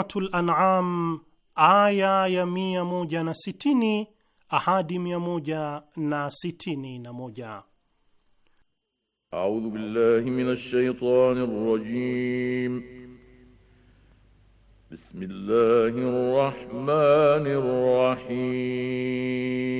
Suratul An'am aya ya mia moja na sitini ahadi mia moja na sitini na moja. A'udhu billahi minash shaitani rrajim. Bismillahir rahmanir rahim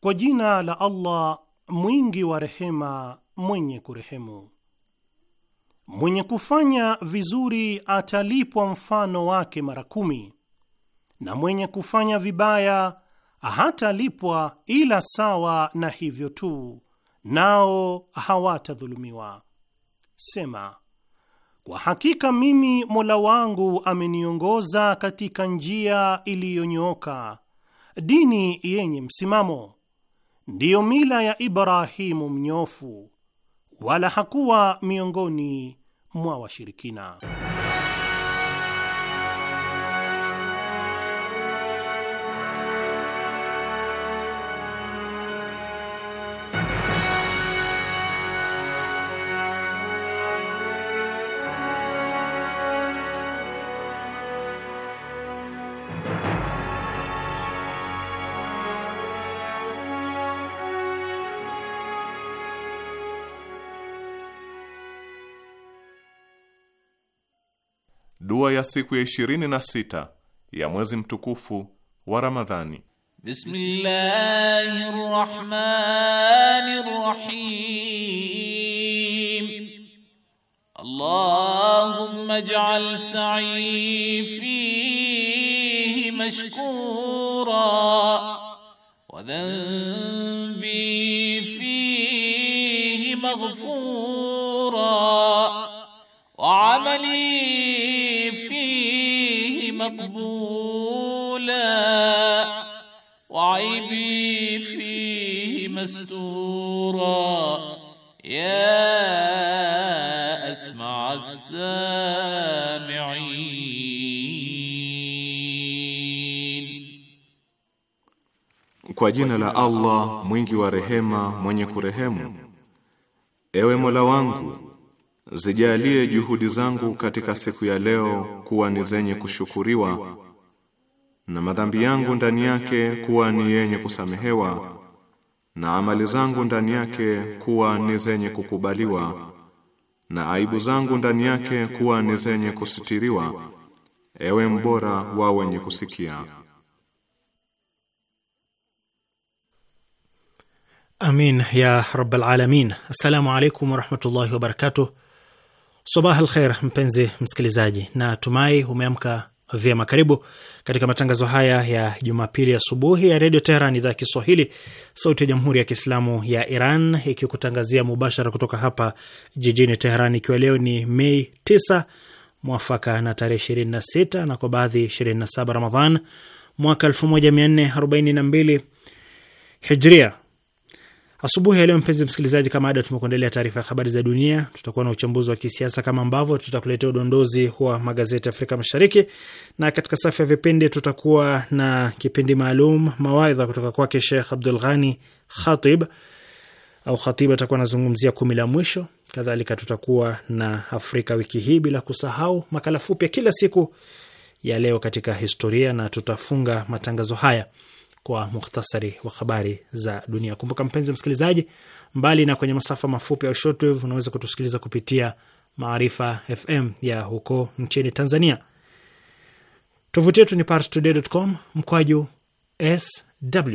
Kwa jina la Allah mwingi wa rehema, mwenye kurehemu. Mwenye kufanya vizuri atalipwa mfano wake mara kumi, na mwenye kufanya vibaya hatalipwa ila sawa na hivyo tu, nao hawatadhulumiwa. Sema, kwa hakika mimi Mola wangu ameniongoza katika njia iliyonyooka, dini yenye msimamo, ndiyo mila ya Ibrahimu mnyofu, wala hakuwa miongoni mwa washirikina. ya siku ya 26 ya mwezi mtukufu wa Ramadhani. Bismillahir Rahmanir Rahim. Allahumma ij'al sa'i fihi mashkura wa dhanbi مقبولا وعيبي فيه مستورا يا أسمع السامعين Kwa jina la Allah mwingi wa rehema mwenye kurehemu Ewe Mola wangu zijalie juhudi zangu katika siku ya leo kuwa ni zenye kushukuriwa na madhambi yangu ndani yake kuwa ni yenye kusamehewa na amali zangu ndani yake kuwa ni zenye kukubaliwa na aibu zangu ndani yake kuwa ni zenye kusitiriwa ewe mbora wa wenye kusikia Amin ya Rabbal Alamin. Assalamu alaykum wa rahmatullahi wa barakatuh. Sabah alkher, mpenzi msikilizaji, na tumai umeamka vyema. Karibu katika matangazo haya ya Jumapili asubuhi ya, ya redio Teheran, idhaa ya Kiswahili, sauti ya jamhuri ya kiislamu ya Iran, ikikutangazia mubashara kutoka hapa jijini Teheran, ikiwa leo ni Mei 9 mwafaka na tarehe 26 na kwa baadhi 27 Ramadhan mwaka 1442 Hijria, Asubuhi ya leo, mpenzi msikilizaji, kama ada, tumekuandalia taarifa ya habari za dunia, tutakuwa na uchambuzi wa kisiasa kama ambavyo tutakuletea udondozi wa magazeti ya Afrika Mashariki, na katika safu ya vipindi tutakuwa na kipindi maalum mawaidha kutoka kwake Sheikh Abdul Ghani Khatib au Khatib, atakuwa anazungumzia kumi la mwisho. Kadhalika tutakuwa na Afrika wiki hii, bila kusahau makala fupi ya kila siku ya leo katika historia, na tutafunga matangazo haya kwa muhtasari wa habari za dunia. Kumbuka mpenzi msikilizaji, mbali na kwenye masafa mafupi au shortwave, unaweza kutusikiliza kupitia Maarifa FM ya huko nchini Tanzania. Tovuti yetu ni parstoday.com mkwaju sw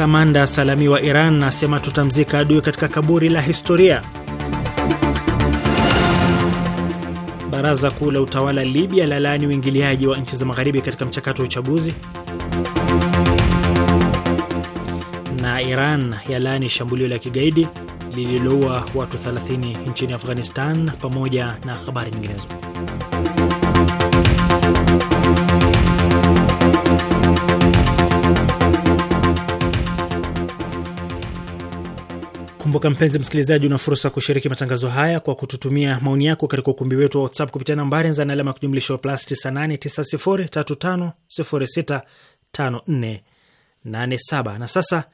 Kamanda Salami wa Iran nasema tutamzika adui katika kaburi la historia. Baraza Kuu la Utawala Libya lalaani uingiliaji wa nchi za magharibi katika mchakato wa uchaguzi, na Iran ya laani shambulio la kigaidi lililoua watu 30 nchini Afghanistan, pamoja na habari nyinginezo. Kumbuka mpenzi msikilizaji, una fursa ya kushiriki matangazo haya kwa kututumia maoni yako katika ukumbi wetu wa WhatsApp kupitia nambari za na alama ya kujumlisha plus 989035065487. Na sasa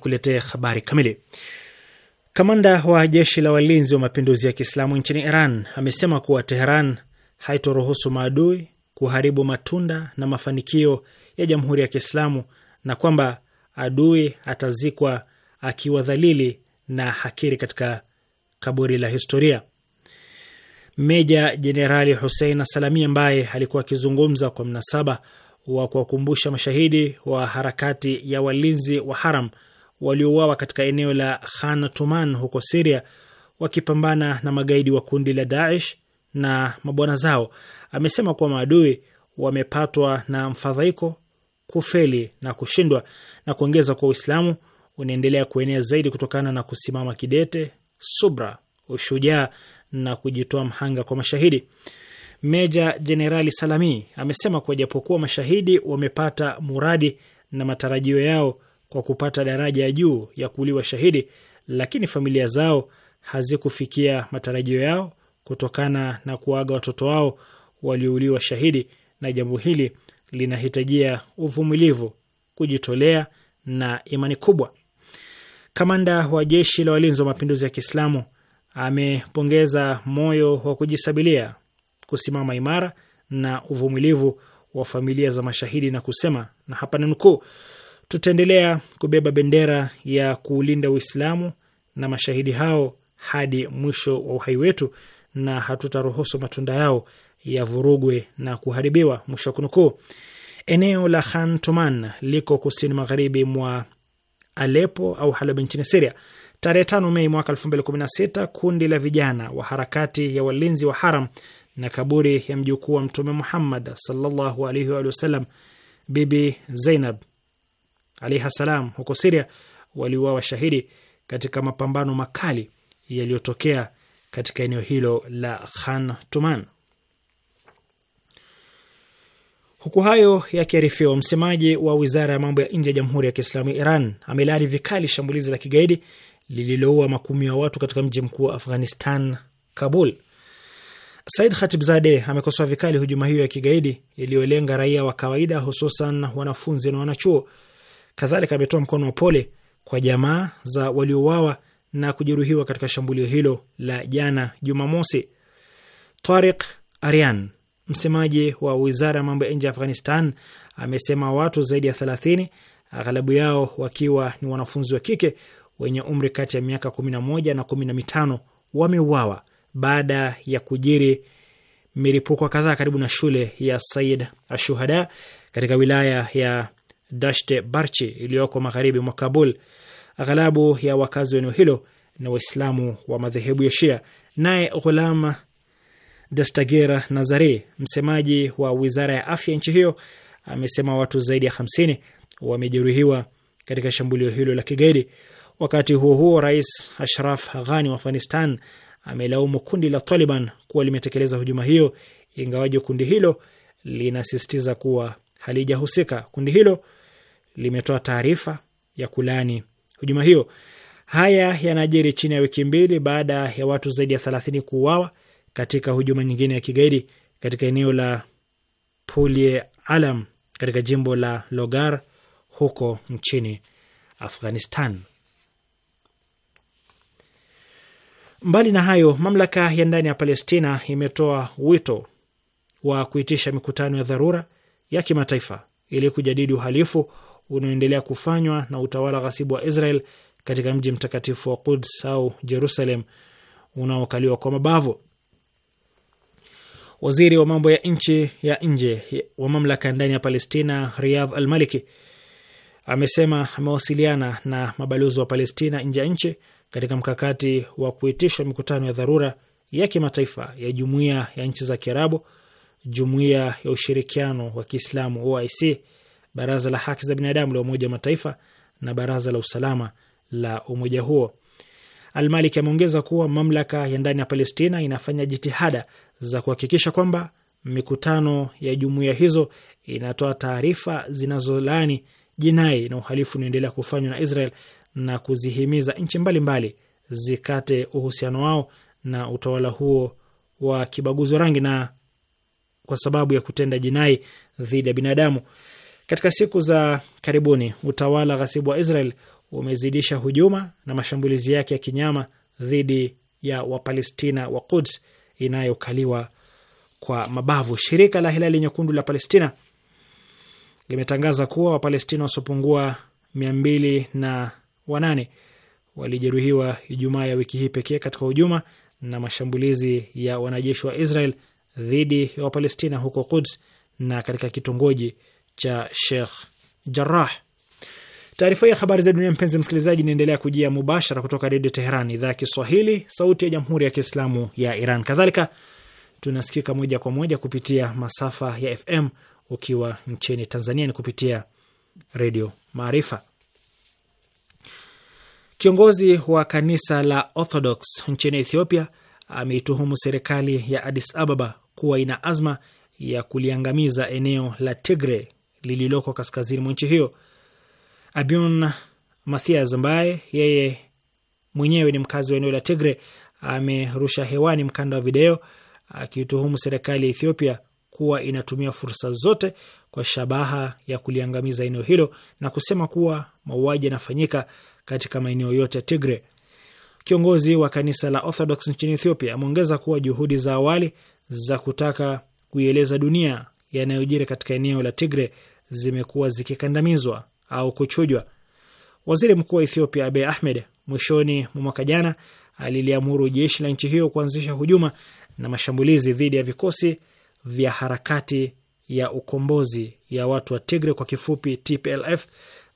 kuletee habari kamili. Kamanda wa jeshi la walinzi wa mapinduzi ya Kiislamu nchini Iran amesema kuwa Teheran haitoruhusu maadui kuharibu matunda na mafanikio ya jamhuri ya Kiislamu na kwamba adui atazikwa akiwa dhalili na hakiri katika kaburi la historia. Meja Jenerali Husein Salami ambaye alikuwa akizungumza kwa mnasaba wa kuwakumbusha mashahidi wa harakati ya walinzi wa haram waliouawa katika eneo la Khan Tuman huko Siria wakipambana na magaidi wa kundi la Daesh na mabwana zao, amesema kuwa maadui wamepatwa na mfadhaiko, kufeli na kushindwa, na kuongeza kuwa Uislamu unaendelea kuenea zaidi kutokana na kusimama kidete, subra, ushujaa na kujitoa mhanga kwa mashahidi. Meja Jenerali Salami amesema kuwa japokuwa mashahidi wamepata muradi na matarajio yao kwa kupata daraja ya juu ya kuuliwa shahidi, lakini familia zao hazikufikia matarajio yao kutokana na kuaga watoto wao waliouliwa shahidi, na jambo hili linahitajia uvumilivu, kujitolea na imani kubwa. Kamanda wa jeshi la walinzi wa mapinduzi ya Kiislamu amepongeza moyo wa kujisabilia, kusimama imara na uvumilivu wa familia za mashahidi na kusema, na hapa nukuu, tutaendelea kubeba bendera ya kuulinda Uislamu na mashahidi hao hadi mwisho wa uhai wetu na hatutaruhusu matunda yao ya vurugwe na kuharibiwa, mwisho wa kunukuu. Eneo la Khan Tuman liko kusini magharibi mwa Alepo au Halab nchini Siria. Tarehe 5 Mei mwaka 2016 kundi la vijana wa harakati ya walinzi wa haram na kaburi ya mjukuu wa Mtume Muhammad sallallahu alaihi wa sallam, Bibi Zainab alaihi salam, huko Siria waliuawa shahidi katika mapambano makali yaliyotokea katika eneo hilo la Khan Tuman. Huku hayo yakiarifiwa, msemaji wa wizara ya mambo ya nje ya Jamhuri ya Kiislamu ya Iran amelaani vikali shambulizi la kigaidi lililoua makumi ya watu katika mji mkuu wa Afghanistan, Kabul. Said Khatibzade amekosoa vikali hujuma hiyo ya kigaidi iliyolenga raia wa kawaida, hususan wanafunzi na wanachuo. Kadhalika ametoa mkono wa pole kwa jamaa za waliouawa na kujeruhiwa katika shambulio hilo la jana Jumamosi. Tariq Aryan Msemaji wa wizara ya mambo ya nje ya Afghanistan amesema watu zaidi ya thelathini, aghalabu yao wakiwa ni wanafunzi wa kike wenye umri kati ya miaka kumi na moja na na kumi mitano wameuawa baada ya kujiri milipuko kadhaa karibu na shule ya Said Ashuhada katika wilaya ya Dashte Barchi iliyoko magharibi mwa Kabul. Aghalabu ya wakazi wa eneo hilo na Waislamu wa madhehebu ya Shia. Naye Ghulam Dastagera Nazari, msemaji wa wizara ya afya nchi hiyo, amesema watu zaidi ya 50 wamejeruhiwa katika shambulio hilo la kigaidi. Wakati huo huo, rais Ashraf Ghani wa Afghanistan amelaumu kundi la Taliban kuwa limetekeleza hujuma hiyo, ingawaji kundi hilo linasisitiza kuwa halijahusika. Kundi hilo limetoa taarifa ya kulani hujuma hiyo. Haya yanajiri chini ya wiki mbili baada ya watu zaidi ya 30 kuuawa katika hujuma nyingine ya kigaidi katika eneo la Pulie Alam katika jimbo la Logar huko nchini Afghanistan. Mbali na hayo, mamlaka ya ndani ya Palestina imetoa wito wa kuitisha mikutano ya dharura ya kimataifa ili kujadili uhalifu unaoendelea kufanywa na utawala ghasibu wa Israel katika mji mtakatifu wa Quds au Jerusalem unaokaliwa kwa mabavu. Waziri wa mambo ya nchi ya nje wa mamlaka ndani ya Palestina Riyadh Al-Maliki amesema amewasiliana na mabalozi wa Palestina nje ya nchi katika mkakati wa kuitishwa mikutano ya dharura ya kimataifa ya Jumuiya ya Nchi za Kiarabu, Jumuiya ya Ushirikiano wa Kiislamu OIC, Baraza la Haki za Binadamu la Umoja wa Mataifa na Baraza la Usalama la umoja huo. Almaliki ameongeza kuwa mamlaka ya ndani ya Palestina inafanya jitihada za kuhakikisha kwamba mikutano ya jumuiya hizo inatoa taarifa zinazolaani jinai na uhalifu unaoendelea kufanywa na Israel na kuzihimiza nchi mbalimbali zikate uhusiano wao na utawala huo wa kibaguzi wa rangi na kwa sababu ya kutenda jinai dhidi ya binadamu. Katika siku za karibuni, utawala ghasibu wa Israel umezidisha hujuma na mashambulizi yake ya kinyama dhidi ya Wapalestina wa Quds inayokaliwa kwa mabavu. Shirika la Hilali Nyekundu la Palestina limetangaza kuwa Wapalestina wasiopungua mia mbili na wanane walijeruhiwa Ijumaa ya wiki hii pekee katika hujuma na mashambulizi ya wanajeshi wa Israel dhidi ya Wapalestina huko Quds na katika kitongoji cha Sheikh Jarrah. Taarifa hii ya habari za dunia, mpenzi msikilizaji, inaendelea kujia mubashara kutoka Redio Teheran, idhaa ya Kiswahili, sauti ya jamhuri ya kiislamu ya Iran. Kadhalika tunasikika moja kwa moja kupitia masafa ya FM. Ukiwa nchini Tanzania ni kupitia Redio Maarifa. Kiongozi wa kanisa la Orthodox nchini Ethiopia ameituhumu serikali ya Addis Ababa kuwa ina azma ya kuliangamiza eneo la Tigre lililoko kaskazini mwa nchi hiyo. Abion Mathias ambaye yeye mwenyewe ni mkazi wa eneo la Tigre amerusha hewani mkanda wa video akituhumu serikali ya Ethiopia kuwa inatumia fursa zote kwa shabaha ya kuliangamiza eneo hilo na kusema kuwa mauaji yanafanyika katika maeneo yote ya Tigre. Kiongozi wa kanisa la Orthodox nchini Ethiopia ameongeza kuwa juhudi za awali za kutaka kuieleza dunia yanayojiri katika eneo la Tigre zimekuwa zikikandamizwa au kuchujwa. Waziri mkuu wa Ethiopia Abe Ahmed mwishoni mwa mwaka jana aliliamuru jeshi la nchi hiyo kuanzisha hujuma na mashambulizi dhidi ya vikosi vya harakati ya ukombozi ya watu wa Tigre kwa kifupi TPLF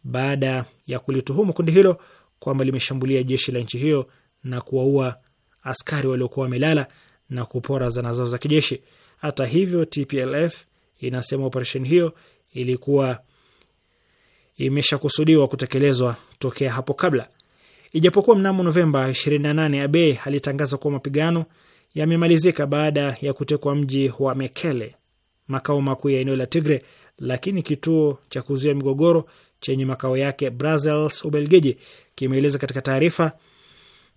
baada ya kulituhumu kundi hilo kwamba limeshambulia jeshi la nchi hiyo na kuwaua askari waliokuwa wamelala na kupora zana zao za kijeshi. Hata hivyo, TPLF inasema operesheni hiyo ilikuwa imeshakusudiwa kutekelezwa tokea hapo kabla, ijapokuwa mnamo Novemba 28 Abe alitangaza kuwa mapigano yamemalizika baada ya kutekwa mji wa Mekele, makao makuu ya eneo la Tigre, lakini kituo cha kuzuia migogoro chenye makao yake Brussels, Ubelgiji, kimeeleza katika taarifa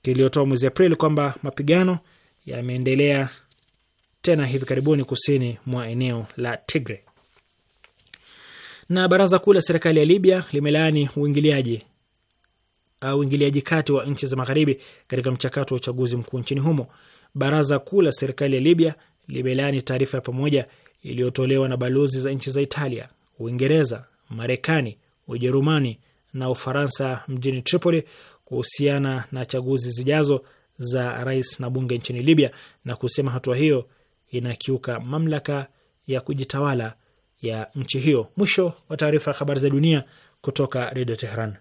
kiliyotoa mwezi Aprili kwamba mapigano yameendelea tena hivi karibuni kusini mwa eneo la Tigre. Na baraza kuu la serikali ya Libya limelaani uingiliaji uh, uingiliaji kati wa nchi za magharibi katika mchakato wa uchaguzi mkuu nchini humo. Baraza kuu la serikali ya Libya limelaani taarifa ya pamoja iliyotolewa na balozi za nchi za Italia, Uingereza, Marekani, Ujerumani na Ufaransa mjini Tripoli kuhusiana na chaguzi zijazo za rais na bunge nchini Libya na kusema hatua hiyo inakiuka mamlaka ya kujitawala ya nchi hiyo. Mwisho wa taarifa ya habari za dunia kutoka Redio Teheran.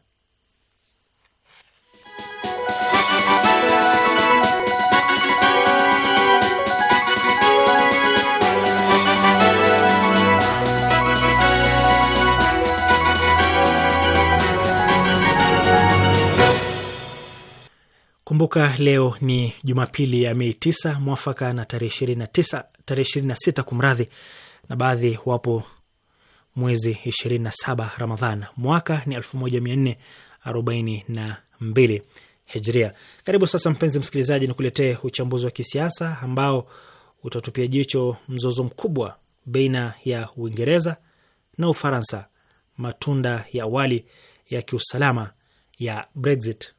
Kumbuka leo ni Jumapili ya Mei 9 mwafaka na tarehe 29 tarehe 26 kumradhi, na baadhi wapo mwezi 27 Ramadhan mwaka ni 1442 Hijria. Karibu sasa, mpenzi msikilizaji, ni kuletee uchambuzi wa kisiasa ambao utatupia jicho mzozo mkubwa baina ya Uingereza na Ufaransa, matunda ya awali ya kiusalama ya Brexit.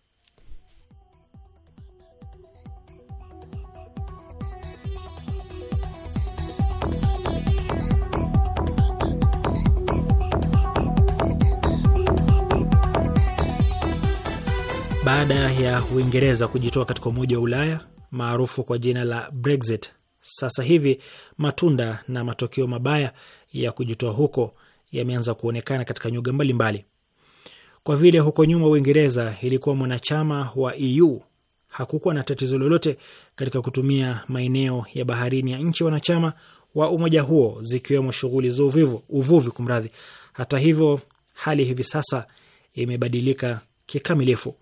Baada ya Uingereza kujitoa katika Umoja wa Ulaya maarufu kwa jina la Brexit, sasa hivi matunda na matokeo mabaya ya kujitoa huko yameanza kuonekana katika nyuga mbalimbali. Kwa vile huko nyuma Uingereza ilikuwa mwanachama wa EU, hakukuwa na tatizo lolote katika kutumia maeneo ya baharini ya nchi wanachama wa umoja huo, zikiwemo shughuli za uvuvi kumradhi. Hata hivyo, hali hivi sasa imebadilika kikamilifu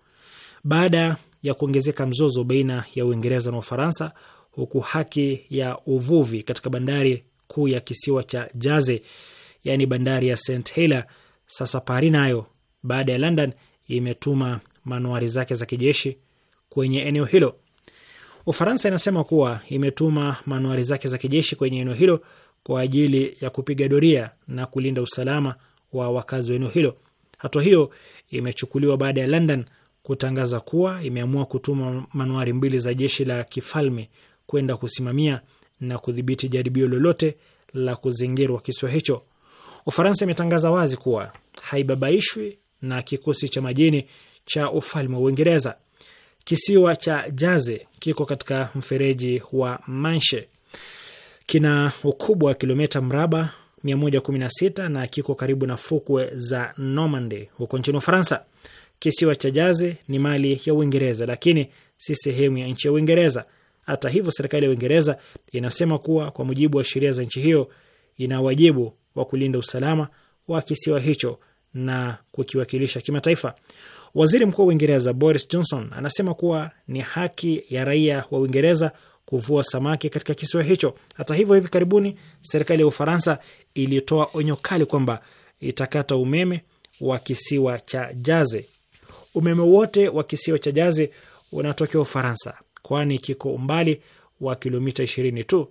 baada ya kuongezeka mzozo baina ya Uingereza na Ufaransa, huku haki ya uvuvi katika bandari kuu ya kisiwa cha Jaze, yani bandari ya St Helier, sasa pari nayo baada ya London imetuma manuari zake za kijeshi kwenye eneo hilo. Ufaransa inasema kuwa imetuma manuari zake za kijeshi kwenye eneo hilo kwa ajili ya kupiga doria na kulinda usalama wa wakazi wa eneo hilo. Hatua hiyo imechukuliwa baada ya London kutangaza kuwa imeamua kutuma manuari mbili za jeshi la kifalme kwenda kusimamia na kudhibiti jaribio lolote la kuzingirwa kisiwa hicho. Ufaransa imetangaza wazi kuwa haibabaishwi na kikosi cha majini cha ufalme wa Uingereza. Kisiwa cha Jaze kiko katika mfereji wa Manshe, kina ukubwa wa kilomita mraba 116 na kiko karibu na fukwe za Normandy huko nchini Ufaransa. Kisiwa cha Jazi ni mali ya Uingereza, lakini si sehemu ya nchi ya Uingereza. Hata hivyo, serikali ya Uingereza inasema kuwa kwa mujibu wa sheria za nchi hiyo ina wajibu wa kulinda usalama wa kisiwa hicho na kukiwakilisha kimataifa. Waziri Mkuu wa Uingereza Boris Johnson anasema kuwa ni haki ya raia wa Uingereza kuvua samaki katika kisiwa hicho. Hata hivyo, hivi karibuni serikali ya Ufaransa ilitoa onyo kali kwamba itakata umeme wa kisiwa cha Jaze Umeme wote wa kisiwa cha Jazi unatokea Ufaransa, kwani kiko umbali wa kilomita ishirini tu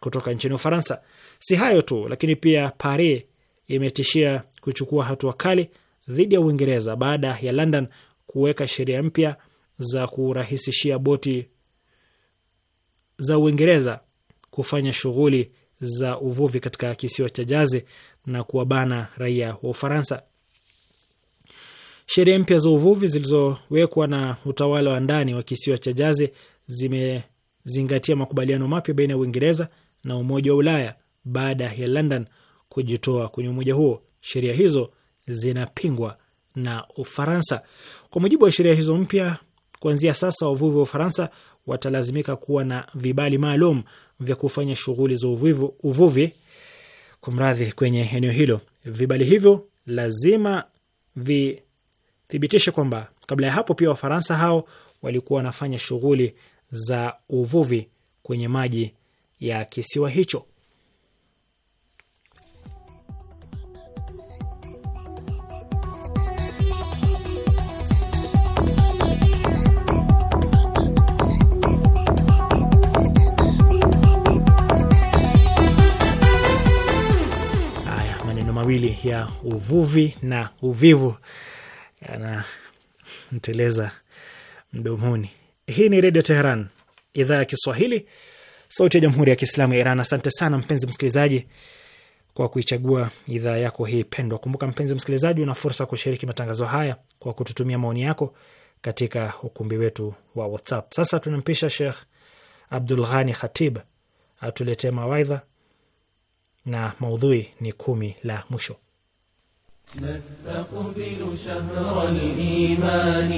kutoka nchini Ufaransa. Si hayo tu, lakini pia Paris imetishia kuchukua hatua kali dhidi ya Uingereza baada ya London kuweka sheria mpya za kurahisishia boti za Uingereza kufanya shughuli za uvuvi katika kisiwa cha Jazi na kuwabana raia wa Ufaransa. Sheria mpya za uvuvi zilizowekwa na utawala wa ndani wa kisiwa cha Jaze zimezingatia makubaliano mapya baina ya Uingereza na Umoja wa Ulaya baada ya London kujitoa kwenye umoja huo. Sheria hizo zinapingwa na Ufaransa. Kwa mujibu wa sheria hizo mpya, kuanzia sasa wavuvi wa Ufaransa watalazimika kuwa na vibali maalum vya kufanya shughuli za uvuvi, uvuvi kumradhi, kwenye eneo hilo. Vibali hivyo lazima vi thibitishe kwamba kabla ya hapo pia Wafaransa hao walikuwa wanafanya shughuli za uvuvi kwenye maji ya kisiwa hicho. maneno mawili ya uvuvi na uvivu mteleza mdomoni. Hii ni Redio Teheran, idhaa ya Kiswahili, sauti ya Jamhuri ya Kiislamu ya Iran. Asante sana mpenzi msikilizaji kwa kuichagua idhaa yako hii pendwa. Kumbuka mpenzi msikilizaji, una fursa ya kushiriki matangazo haya kwa kututumia maoni yako katika ukumbi wetu wa WhatsApp. Sasa tunampisha Shekh Abdul Ghani Khatib atuletee mawaidha na maudhui ni kumi la mwisho. نستقبل شهر الإيمان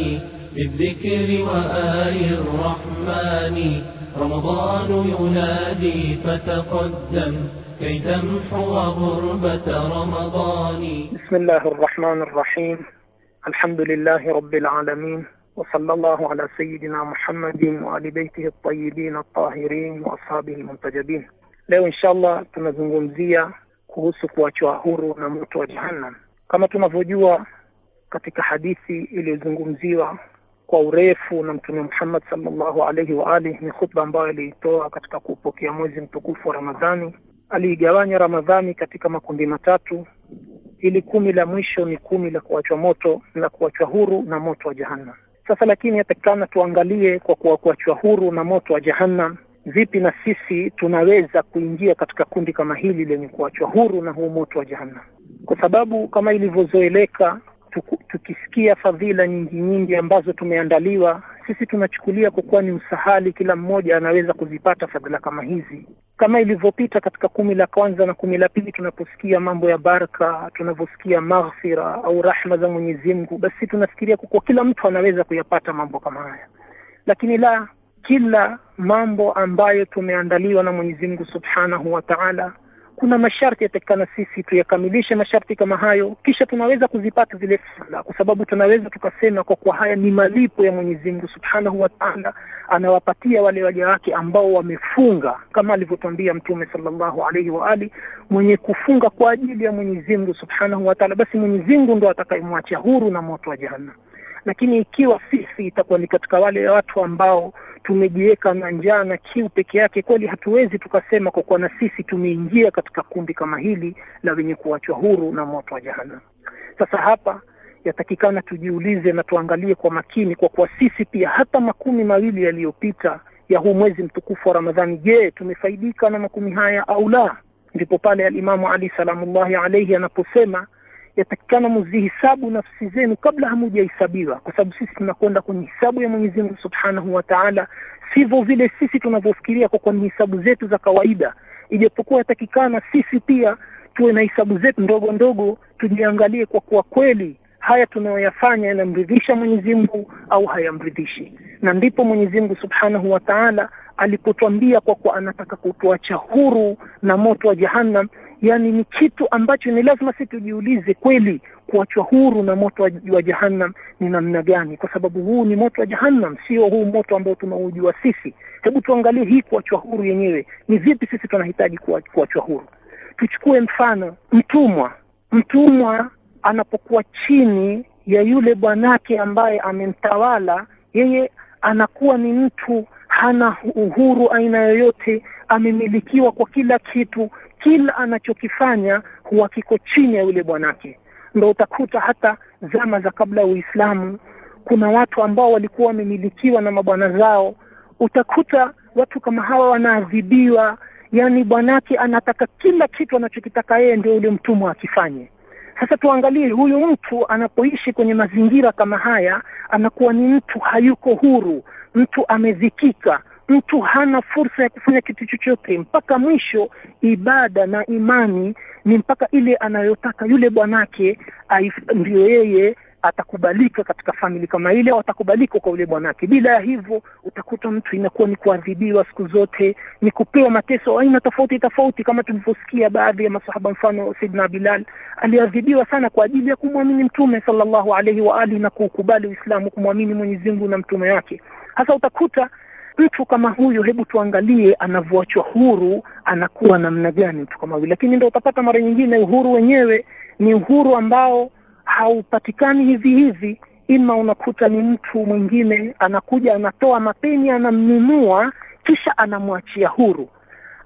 بالذكر وآل الرحمن رمضان ينادي فتقدم كي تمحو غربة رمضان بسم الله الرحمن الرحيم الحمد لله رب العالمين وصلى الله على سيدنا محمد وآل بيته الطيبين الطاهرين وأصحابه المنتجبين. Leo inshallah tunazungumzia kuhusu kuachwa huru na moto wa jahannam. Kama tunavyojua katika hadithi iliyozungumziwa kwa urefu na Mtume Muhammad sallallahu alaihi wa alihi, ni khutba ambayo aliitoa katika kupokea mwezi mtukufu wa Ramadhani. Aliigawanya Ramadhani katika makundi matatu, ili kumi la mwisho ni kumi la kuachwa moto na kuachwa huru na moto wa Jahannam. Sasa lakini, yatakikana tuangalie kwa kuwa kuachwa huru na moto wa Jahannam vipi na sisi tunaweza kuingia katika kundi kama hili lenye kuachwa huru na huu moto wa jahannam, kwa sababu kama ilivyozoeleka tukisikia fadhila nyingi nyingi ambazo tumeandaliwa sisi, tunachukulia kwa kuwa ni usahali, kila mmoja anaweza kuzipata fadhila kama hizi, kama ilivyopita katika kumi la kwanza na kumi la pili. Tunaposikia mambo ya baraka, tunavyosikia maghfira au rahma za Mwenyezi Mungu, basi tunafikiria kwa kuwa kila mtu anaweza kuyapata mambo kama haya, lakini la kila mambo ambayo tumeandaliwa na Mwenyezi Mungu Subhanahu wa Ta'ala, kuna masharti yatakikana sisi tuyakamilishe masharti kama hayo, kisha tunaweza kuzipata zile fadhila, kwa sababu tunaweza tukasema kwa kuwa haya ni malipo ya Mwenyezi Mungu Subhanahu wa Ta'ala, anawapatia wale waja wake ambao wamefunga, kama alivyotwambia Mtume sallallahu alaihi wa ali, mwenye kufunga kwa ajili ya Mwenyezi Mungu Subhanahu wa Ta'ala, basi Mwenyezi Mungu ndo atakayemwacha huru na moto wa Jahannam. Lakini ikiwa sisi itakuwa ni katika wale watu ambao tumejiweka na njaa na kiu peke yake, kweli hatuwezi tukasema kwa kuwa na sisi tumeingia katika kundi kama hili la wenye kuachwa huru na moto wa jahannam. Sasa hapa yatakikana tujiulize na tuangalie kwa makini, kwa kuwa sisi pia hata makumi mawili yaliyopita ya huu mwezi mtukufu wa Ramadhani, je, tumefaidika na makumi haya au la? Ndipo pale alimamu Ali salamullahi alaihi anaposema yatakikana muzihisabu nafsi zenu kabla hamujahesabiwa, kwa sababu sisi tunakwenda kwenye hisabu ya Mwenyezi Mungu subhanahu wa taala, sivyo vile sisi tunavyofikiria kwa kwenye hisabu zetu za kawaida, ijapokuwa yatakikana sisi pia tuwe na hisabu zetu ndogo ndogo, tujiangalie kwa kuwa kweli haya tunayoyafanya yanamridhisha Mwenyezi Mungu au hayamridhishi na ndipo Mwenyezi Mungu Subhanahu wa Ta'ala alipotwambia kwa kuwa anataka kutuacha huru na moto wa Jahannam. Yani ni kitu ambacho ni lazima si tujiulize kweli, kuachwa huru na moto wa Jahannam ni namna gani? Kwa sababu huu ni moto wa Jahannam, sio huu moto ambao tunaujua sisi. Hebu tuangalie hii kuachwa huru yenyewe ni vipi. Sisi tunahitaji kuachwa huru. Tuchukue mfano mtumwa. Mtumwa anapokuwa chini ya yule bwanake ambaye amemtawala yeye anakuwa ni mtu hana uhuru aina yoyote, amemilikiwa kwa kila kitu. Kila anachokifanya huwa kiko chini ya yule bwanake. Ndo utakuta hata zama za kabla ya Uislamu kuna watu ambao walikuwa wamemilikiwa na mabwana zao. Utakuta watu kama hawa wanaadhibiwa, yaani bwanake anataka kila kitu anachokitaka yeye, ndio yule mtumwa akifanye. Sasa tuangalie huyu mtu anapoishi kwenye mazingira kama haya, anakuwa ni mtu hayuko huru, mtu amedhikika, mtu hana fursa ya kufanya kitu chochote. Mpaka mwisho, ibada na imani ni mpaka ile anayotaka yule bwanake, ndiyo yeye atakubalika katika famili kama ile au atakubalika kwa ule bwanake. Bila ya hivyo, utakuta mtu inakuwa ni kuadhibiwa siku zote, ni kupewa mateso aina tofauti tofauti, kama tulivyosikia baadhi ya masahaba. Mfano, Sidna Bilal aliadhibiwa sana kwa ajili ya kumwamini Mtume sallallahu alaihi wa alihi na kuukubali Uislamu, kumwamini Mwenyezi Mungu na mtume wake. Hasa utakuta mtu kama huyo, hebu tuangalie anavyoachwa huru, anakuwa namna gani mtu kama huyo. Lakini ndo utapata mara nyingine uhuru wenyewe ni uhuru ambao haupatikani hivi hivi ima unakuta ni mtu mwingine anakuja anatoa mapeni anamnunua kisha anamwachia huru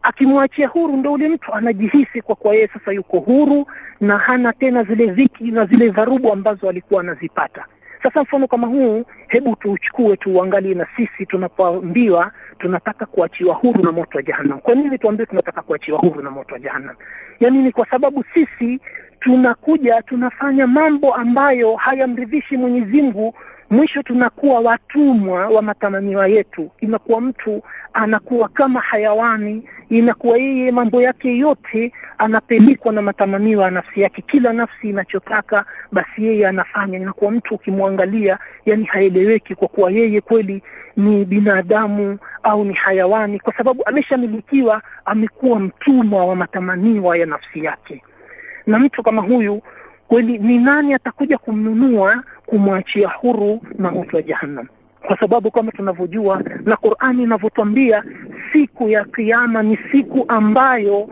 akimwachia huru ndo ule mtu anajihisi kwa kuwa yeye sasa yuko huru na hana tena zile dhiki na zile dharubu ambazo alikuwa anazipata sasa mfano kama huu hebu tuuchukue tuuangalie na sisi tunapoambiwa tunataka kuachiwa huru na moto wa jahannam kwa nini tuambiwe tunataka kuachiwa huru na moto wa jahannam yaani ni kwa sababu sisi tunakuja tunafanya mambo ambayo hayamridhishi Mwenyezi Mungu mwisho tunakuwa watumwa wa matamanio yetu. Inakuwa mtu anakuwa kama hayawani, inakuwa yeye mambo yake yote anapelekwa na matamanio ya nafsi yake. Kila nafsi inachotaka basi yeye anafanya. Inakuwa mtu ukimwangalia, yani haeleweki, kwa kuwa yeye kweli ni binadamu au ni hayawani, kwa sababu ameshamilikiwa, amekuwa mtumwa wa matamanio ya nafsi yake na mtu kama huyu kweli ni nani atakuja kumnunua kumwachia huru na moto wa jahannam kwa sababu kama tunavyojua na qurani inavyotwambia siku ya kiama ni siku ambayo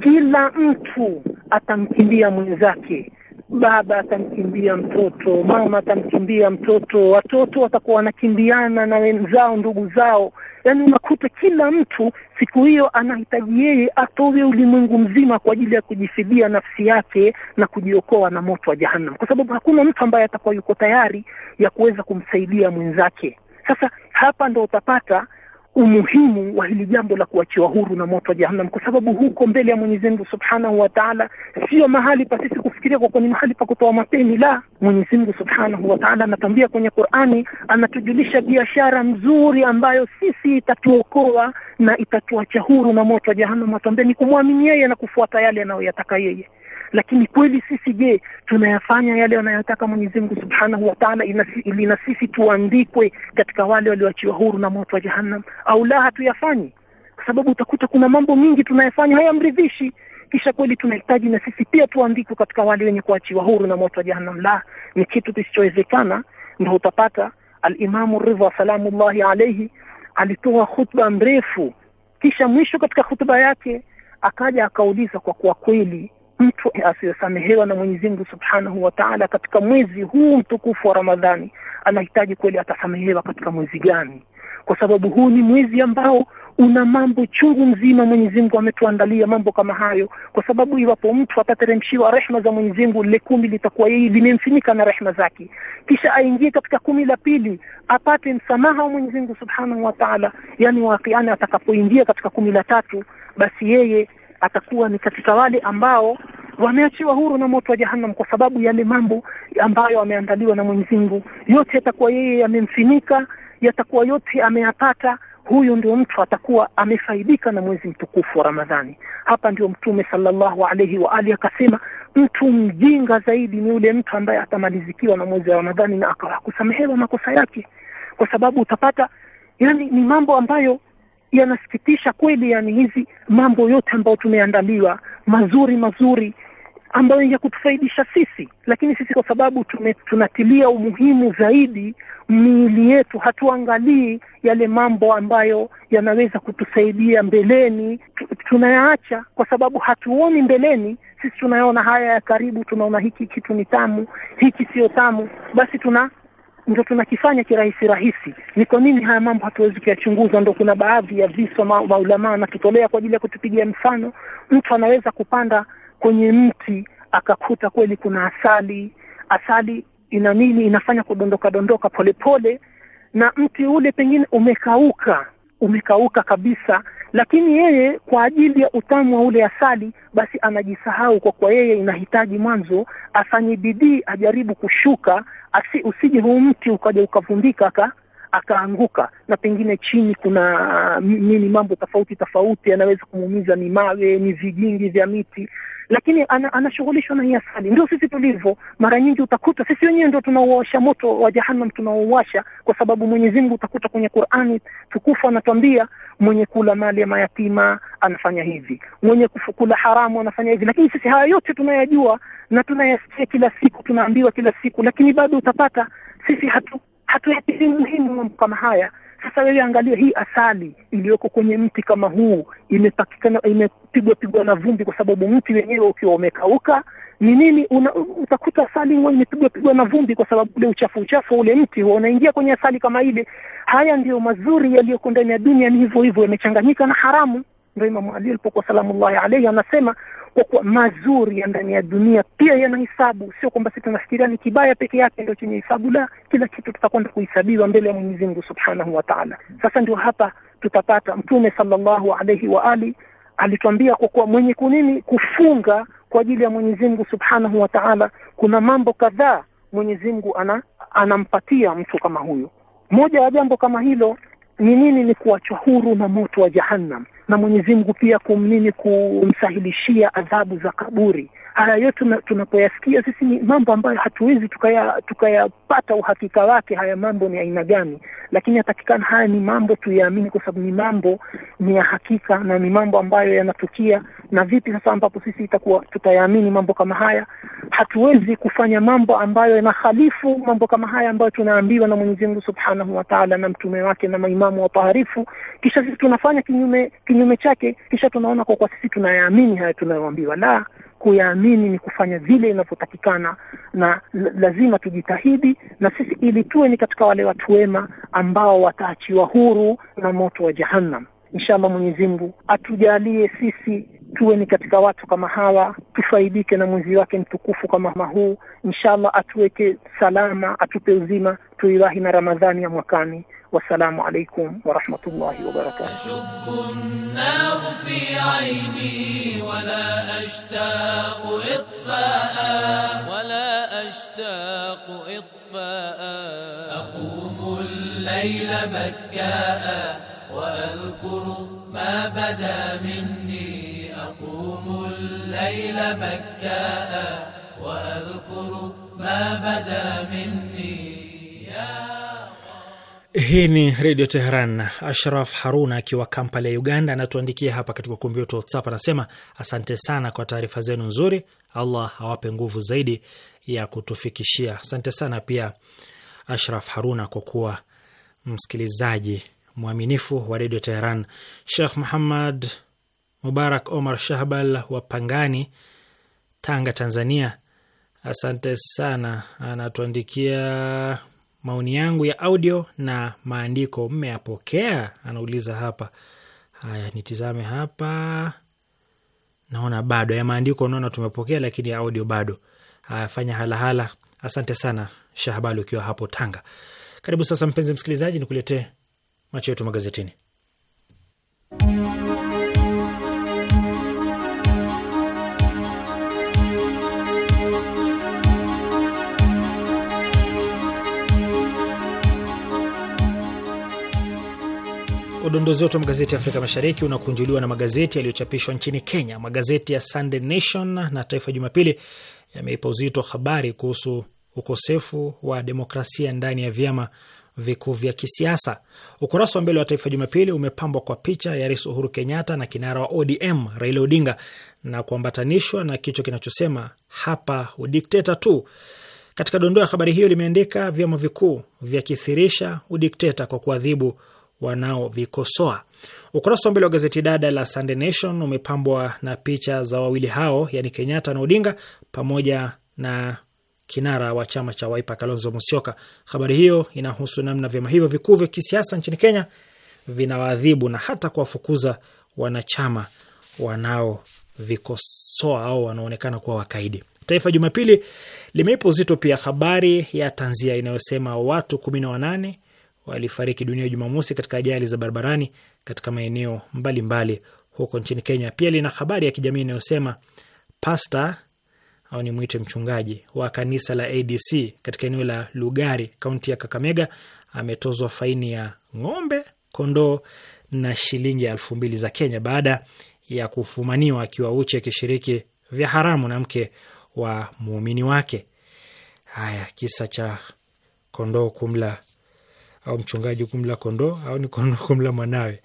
kila mtu atamkimbia mwenzake baba atamkimbia mtoto, mama atamkimbia mtoto, watoto watakuwa wanakimbiana na wenzao, ndugu zao. Yaani unakuta kila mtu siku hiyo anahitaji yeye atowe ulimwengu mzima kwa ajili ya kujifidia nafsi yake na kujiokoa na moto wa Jahannam, kwa sababu hakuna mtu ambaye atakuwa yuko tayari ya kuweza kumsaidia mwenzake. Sasa hapa ndo utapata umuhimu wa hili jambo la kuachiwa huru na moto wa Jahannam, kwa sababu huko mbele ya Mwenyezi Mungu Subhanahu wa Ta'ala sio mahali pa sisi kufikiria kwa kuwa ni mahali pa kutoa mapeni. La, Mwenyezi Mungu Subhanahu wa Ta'ala anatambia kwenye Qur'ani, anatujulisha biashara mzuri ambayo sisi itatuokoa na itatuacha huru na moto wa Jahannam. Atuambia ni kumwamini yeye na kufuata yale anayoyataka yeye lakini kweli sisi je tunayafanya yale anayotaka mwenyezi mungu subhanahu taala ili na sisi tuandikwe katika wale walioachiwa huru na moto wa jahannam au la hatuyafanyi kwa sababu utakuta kuna mambo mingi tunayafanya hayamridhishi kisha kweli tunahitaji na sisi pia tuandikwe katika wale wenye kuachiwa huru na moto wa jahannam la ni kitu kisichowezekana ndo utapata alimamu ridha salamullahi alaihi alitoa khutba mrefu kisha mwisho katika khutba yake akaja akauliza kwa kuwa kweli mtu asiyosamehewa na Mwenyezi Mungu Subhanahu wa Ta'ala katika mwezi huu mtukufu wa Ramadhani anahitaji kweli atasamehewa katika mwezi gani? Kwa sababu huu ni mwezi ambao una mambo chungu mzima Mwenyezi Mungu ametuandalia mambo kama hayo, kwa sababu iwapo mtu atateremshiwa rehma za Mwenyezi Mungu, lile kumi litakuwa yeye limemfinika na rehma zake, kisha aingie katika kumi la pili apate msamaha wa Mwenyezi Mungu Subhanahu wa Ta'ala, yani waqiana atakapoingia katika kumi la tatu basi yeye atakuwa ni katika wale ambao wameachiwa huru na moto wa Jahannam kwa sababu yale mambo ambayo ameandaliwa na Mwenyezi Mungu yote yatakuwa yeye yamemfinika, yatakuwa yote ameyapata. Huyu ndio mtu atakuwa amefaidika na mwezi mtukufu wa Ramadhani. Hapa ndio Mtume sallallahu alaihi wa alihi akasema, mtu mjinga zaidi ni yule mtu ambaye atamalizikiwa na mwezi wa Ramadhani na akawa hakusamehewa makosa yake, kwa sababu utapata, yani ni mambo ambayo yanasikitisha kweli, yani hizi mambo yote ambayo tumeandaliwa mazuri mazuri ambayo ya kutufaidisha sisi, lakini sisi kwa sababu tume, tunatilia umuhimu zaidi miili yetu, hatuangalii yale mambo ambayo yanaweza kutusaidia mbeleni, tunayaacha kwa sababu hatuoni mbeleni. Sisi tunayaona haya ya karibu, tunaona hiki kitu ni tamu, hiki sio tamu, basi tuna ndo tunakifanya kirahisi rahisi. Ni kwa nini haya mambo hatuwezi kuyachunguza? Ndo kuna baadhi ya visa ma, maulamaa anatutolea kwa ajili ya kutupigia mfano. Mtu anaweza kupanda kwenye mti akakuta kweli kuna asali. Asali ina nini? Inafanya kudondoka dondoka polepole pole, na mti ule pengine umekauka, umekauka kabisa lakini yeye kwa ajili ya utamu wa ule asali basi anajisahau kwa kuwa yeye inahitaji mwanzo afanye bidii ajaribu kushuka asi usije huu mti ukaja ukavundika akaanguka, na pengine chini kuna mm, nini, mambo tofauti tofauti anaweza kumuumiza, ni mawe, ni vigingi vya miti lakini anashughulishwa ana na hii asali. Ndio sisi tulivyo, mara nyingi utakuta sisi wenyewe ndio tunauwasha moto wa Jahannam, tunauwasha kwa sababu Mwenyezi Mungu utakuta kwenye Qur'ani tukufu anatuambia mwenye kula mali ya mayatima anafanya hivi, mwenye kula haramu anafanya hivi. Lakini sisi haya yote tunayajua na tunayasikia kila siku, tunaambiwa kila siku, lakini bado utapata sisi hatu hatuyatilii muhimu mambo kama haya sasa wewe angalia hii asali iliyoko kwenye mti kama huu imepakikana imepigwa pigwa na vumbi kwa sababu mti wenyewe ukiwa umekauka ni nini utakuta asali huwa imepigwa pigwa na vumbi kwa sababu ule uchafu uchafu ule mti huwa unaingia kwenye asali kama ile haya ndiyo mazuri yaliyoko ndani ya dunia ni hivyo hivyo yamechanganyika na haramu ndo imamu ali alipokuwa salamullahi alaihi anasema kwa kuwa mazuri ya ndani ya dunia pia yana hesabu, sio kwamba sisi tunafikiria ni kibaya peke yake ndio chenye hesabu, la kila kitu tutakwenda kuhesabiwa mbele ya Mwenyezi Mungu subhanahu wa taala. Sasa ndio hapa tutapata Mtume sallallahu alaihi wa ali alituambia kwa kuwa mwenye kunini kufunga kwa ajili ya Mwenyezi Mungu subhanahu wa taala, kuna mambo kadhaa Mwenyezi Mungu ana anampatia mtu kama huyo. Moja ya jambo kama hilo ni nini ni kuachwa huru na moto wa jahannam na mwenyezi mungu pia kumnini kumsahilishia adhabu za kaburi haya yote tunapoyasikia sisi ni mambo ambayo hatuwezi tukayapata tukaya, uhakika wake, haya mambo ni aina gani, lakini yatakikana haya ni mambo tuyaamini, kwa sababu ni mambo ni ya hakika na ni mambo ambayo yanatukia. Na vipi sasa ambapo sisi itakuwa tutayaamini mambo kama haya? Hatuwezi kufanya mambo ambayo yanahalifu mambo kama haya ambayo tunaambiwa na Mwenyezi Mungu Subhanahu wa Ta'ala na mtume wake na maimamu watoharifu, kisha sisi tunafanya kinyume kinyume chake, kisha tunaona kwa kwa sisi tunayaamini haya tunayoambiwa la kuyaamini ni kufanya vile inavyotakikana, na lazima tujitahidi na sisi ili tuwe ni katika wale watu wema ambao wataachiwa huru na moto wa Jahannam. Inshallah, Mwenyezi Mungu atujalie sisi tuwe ni katika watu kama hawa, tufaidike na mwezi wake mtukufu kama huu. Inshallah, atuweke salama, atupe uzima, tuiwahi na Ramadhani ya mwakani. والسلام عليكم ورحمة الله وبركاته أشب النار في عيني ولا أشتاق إطفاء ولا أشتاق إطفاء أقوم الليل بكاء وأذكر ما بدا مني أقوم الليل بكاء وأذكر ما بدا مني Hii ni Redio Teheran. Ashraf Haruna akiwa Kampala ya Uganda anatuandikia hapa katika ukumbi wetu wa WhatsApp, anasema asante sana kwa taarifa zenu nzuri, Allah awape nguvu zaidi ya kutufikishia. Asante sana pia Ashraf Haruna kwa kuwa msikilizaji mwaminifu wa Redio Teheran. Shekh Muhammad Mubarak Omar Shahbal wa Pangani, Tanga, Tanzania, asante sana, anatuandikia maoni yangu ya audio na maandiko mmeyapokea? Anauliza hapa. Haya, nitizame hapa, naona bado ya maandiko, naona tumepokea, lakini ya audio bado. Haya, fanya halahala. Asante sana Shahabali ukiwa hapo Tanga. Karibu sasa, mpenzi msikilizaji, nikuletee macho yetu magazetini. Udondozi wetu wa magazeti ya Afrika Mashariki unakunjuliwa na magazeti yaliyochapishwa nchini Kenya. Magazeti ya Sunday Nation na Taifa Jumapili yameipa uzito habari kuhusu ukosefu wa demokrasia ndani ya vyama vikuu vya kisiasa. Ukurasa wa mbele wa Taifa Jumapili umepambwa kwa picha ya Rais Uhuru Kenyatta na kinara wa ODM Raila Odinga na kuambatanishwa na kichwa kinachosema hapa udikteta tu. Katika dondoo ya habari hiyo limeandika vyama vikuu vyakithirisha udikteta kwa kuadhibu wanaovikosoa. Ukurasa wa mbele wa gazeti dada la Sunday Nation umepambwa na picha za wawili hao, yani Kenyatta na Odinga pamoja na kinara wa chama cha Wiper Kalonzo Musyoka. Habari hiyo inahusu namna vyama hivyo vikuu vya kisiasa nchini Kenya vinawaadhibu na hata kuwafukuza wanachama wanaovikosoa au wanaonekana kuwa wakaidi. Taifa Jumapili limeipa uzito pia habari ya tanzia inayosema watu kumi na wanane walifariki dunia Jumamosi katika ajali za barabarani katika maeneo mbalimbali huko nchini Kenya. Pia lina habari ya kijamii inayosema pasta au ni mwite mchungaji wa kanisa la ADC katika eneo la Lugari, kaunti ya Kakamega, ametozwa faini ya ng'ombe, kondoo na shilingi elfu mbili za Kenya baada ya kufumaniwa akiwa uchi akishiriki vya haramu na mke wa muumini wake. Haya, kisa cha kondoo kumla au mchungaji kumla kondoo au ni kondoo kumla mwanawe.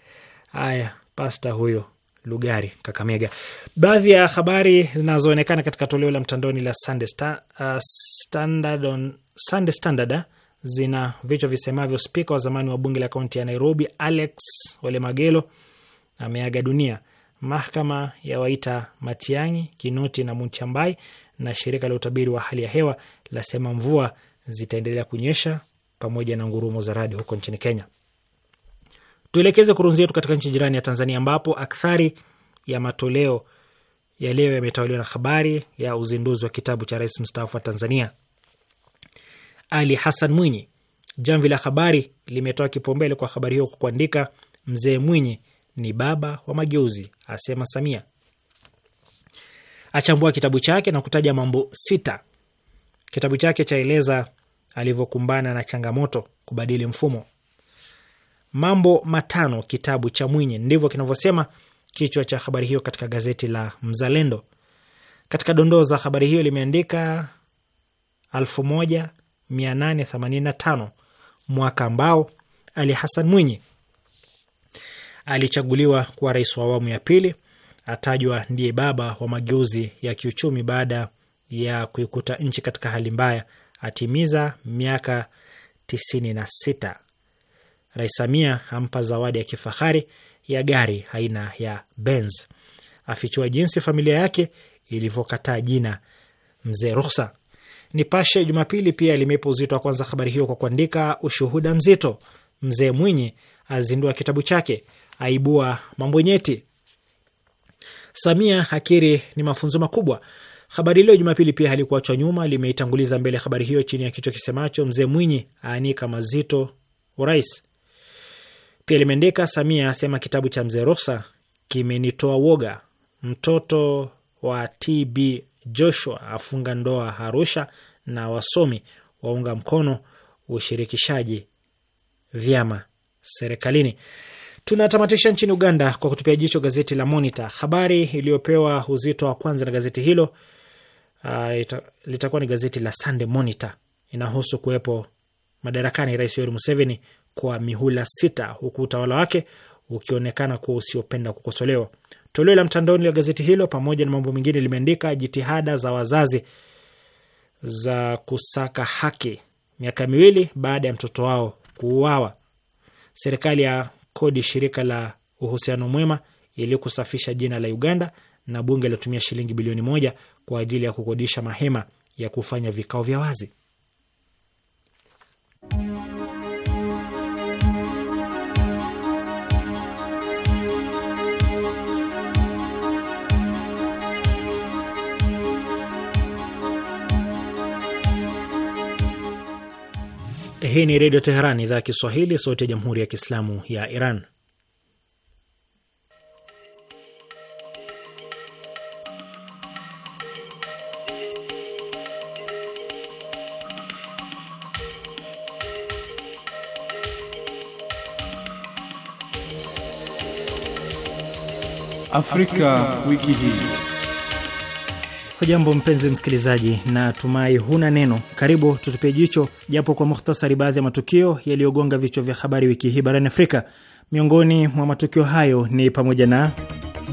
Haya, pasta huyo Lugari, Kakamega. Baadhi ya habari zinazoonekana katika toleo la mtandaoni la Sunday Star, uh, Standard, on, Sunday Standard uh, zina vichwa visemavyo: spika wa zamani wa bunge la kaunti ya Nairobi Alex Ole Magelo ameaga dunia, mahakama ya waita Matiangi, Kinoti na muchambai na shirika la utabiri wa hali ya hewa lasema mvua zitaendelea kunyesha pamoja na ngurumo za radi huko nchini Kenya. Tuelekeze kurunzi yetu katika nchi jirani ya Tanzania, ambapo akthari ya matoleo ya leo yametawaliwa na habari ya uzinduzi wa kitabu cha rais mstaafu wa Tanzania Ali Hassan Mwinyi. Jamvi la Habari limetoa kipaumbele kwa habari hiyo kwa kuandika, Mzee Mwinyi ni baba wa mageuzi, asema Samia. Achambua kitabu chake na kutaja mambo sita. Kitabu chake chaeleza alivyokumbana na changamoto kubadili mfumo. Mambo matano kitabu cha Mwinyi, ndivyo kinavyosema kichwa cha habari hiyo katika gazeti la Mzalendo. Katika dondoo za habari hiyo limeandika 1885 mwaka ambao Ali Hassan Mwinyi alichaguliwa kuwa rais wa awamu ya pili, atajwa ndiye baba wa mageuzi ya kiuchumi baada ya kuikuta nchi katika hali mbaya atimiza miaka tisini na sita Rais Samia ampa zawadi ya kifahari ya gari aina ya Benz, afichua jinsi familia yake ilivyokataa jina mzee ruhusa. Nipashe Jumapili pia limeipa uzito wa kwanza habari hiyo kwa kuandika ushuhuda mzito, mzee Mwinyi azindua kitabu chake, aibua mambo nyeti, Samia akiri ni mafunzo makubwa Habari hilo Jumapili pia halikuachwa nyuma, limeitanguliza mbele habari hiyo chini ya kichwa kisemacho mzee Mwinyi aanika mazito urais. Pia limeandika Samia asema kitabu cha mzee Ruksa kimenitoa woga, mtoto wa TB Joshua afunga ndoa Arusha, na wasomi waunga mkono ushirikishaji vyama serikalini. Tunatamatisha nchini Uganda kwa kutupia jicho gazeti la Monitor. Habari iliyopewa uzito wa kwanza na gazeti hilo uh, litakuwa ni gazeti la Sunday Monitor. Inahusu kuwepo madarakani Rais Yoweri Museveni kwa mihula sita, huku utawala wake ukionekana kuwa usiopenda kukosolewa. Toleo la mtandaoni la gazeti hilo, pamoja na mambo mengine, limeandika jitihada za wazazi za kusaka haki miaka miwili baada ya mtoto wao kuuawa. Serikali ya kodi shirika la uhusiano mwema ili kusafisha jina la Uganda, na bunge latumia shilingi bilioni moja kwa ajili ya kukodisha mahema ya kufanya vikao vya wazi. Hii ni Redio Teheran, idhaa ya Kiswahili, sauti ya Jamhuri ya Kiislamu ya Iran. Afrika, wiki hii. Hujambo mpenzi msikilizaji, na tumai huna neno. Karibu tutupie jicho japo kwa muhtasari baadhi ya matukio yaliyogonga vichwa vya habari wiki hii barani Afrika. Miongoni mwa matukio hayo ni pamoja na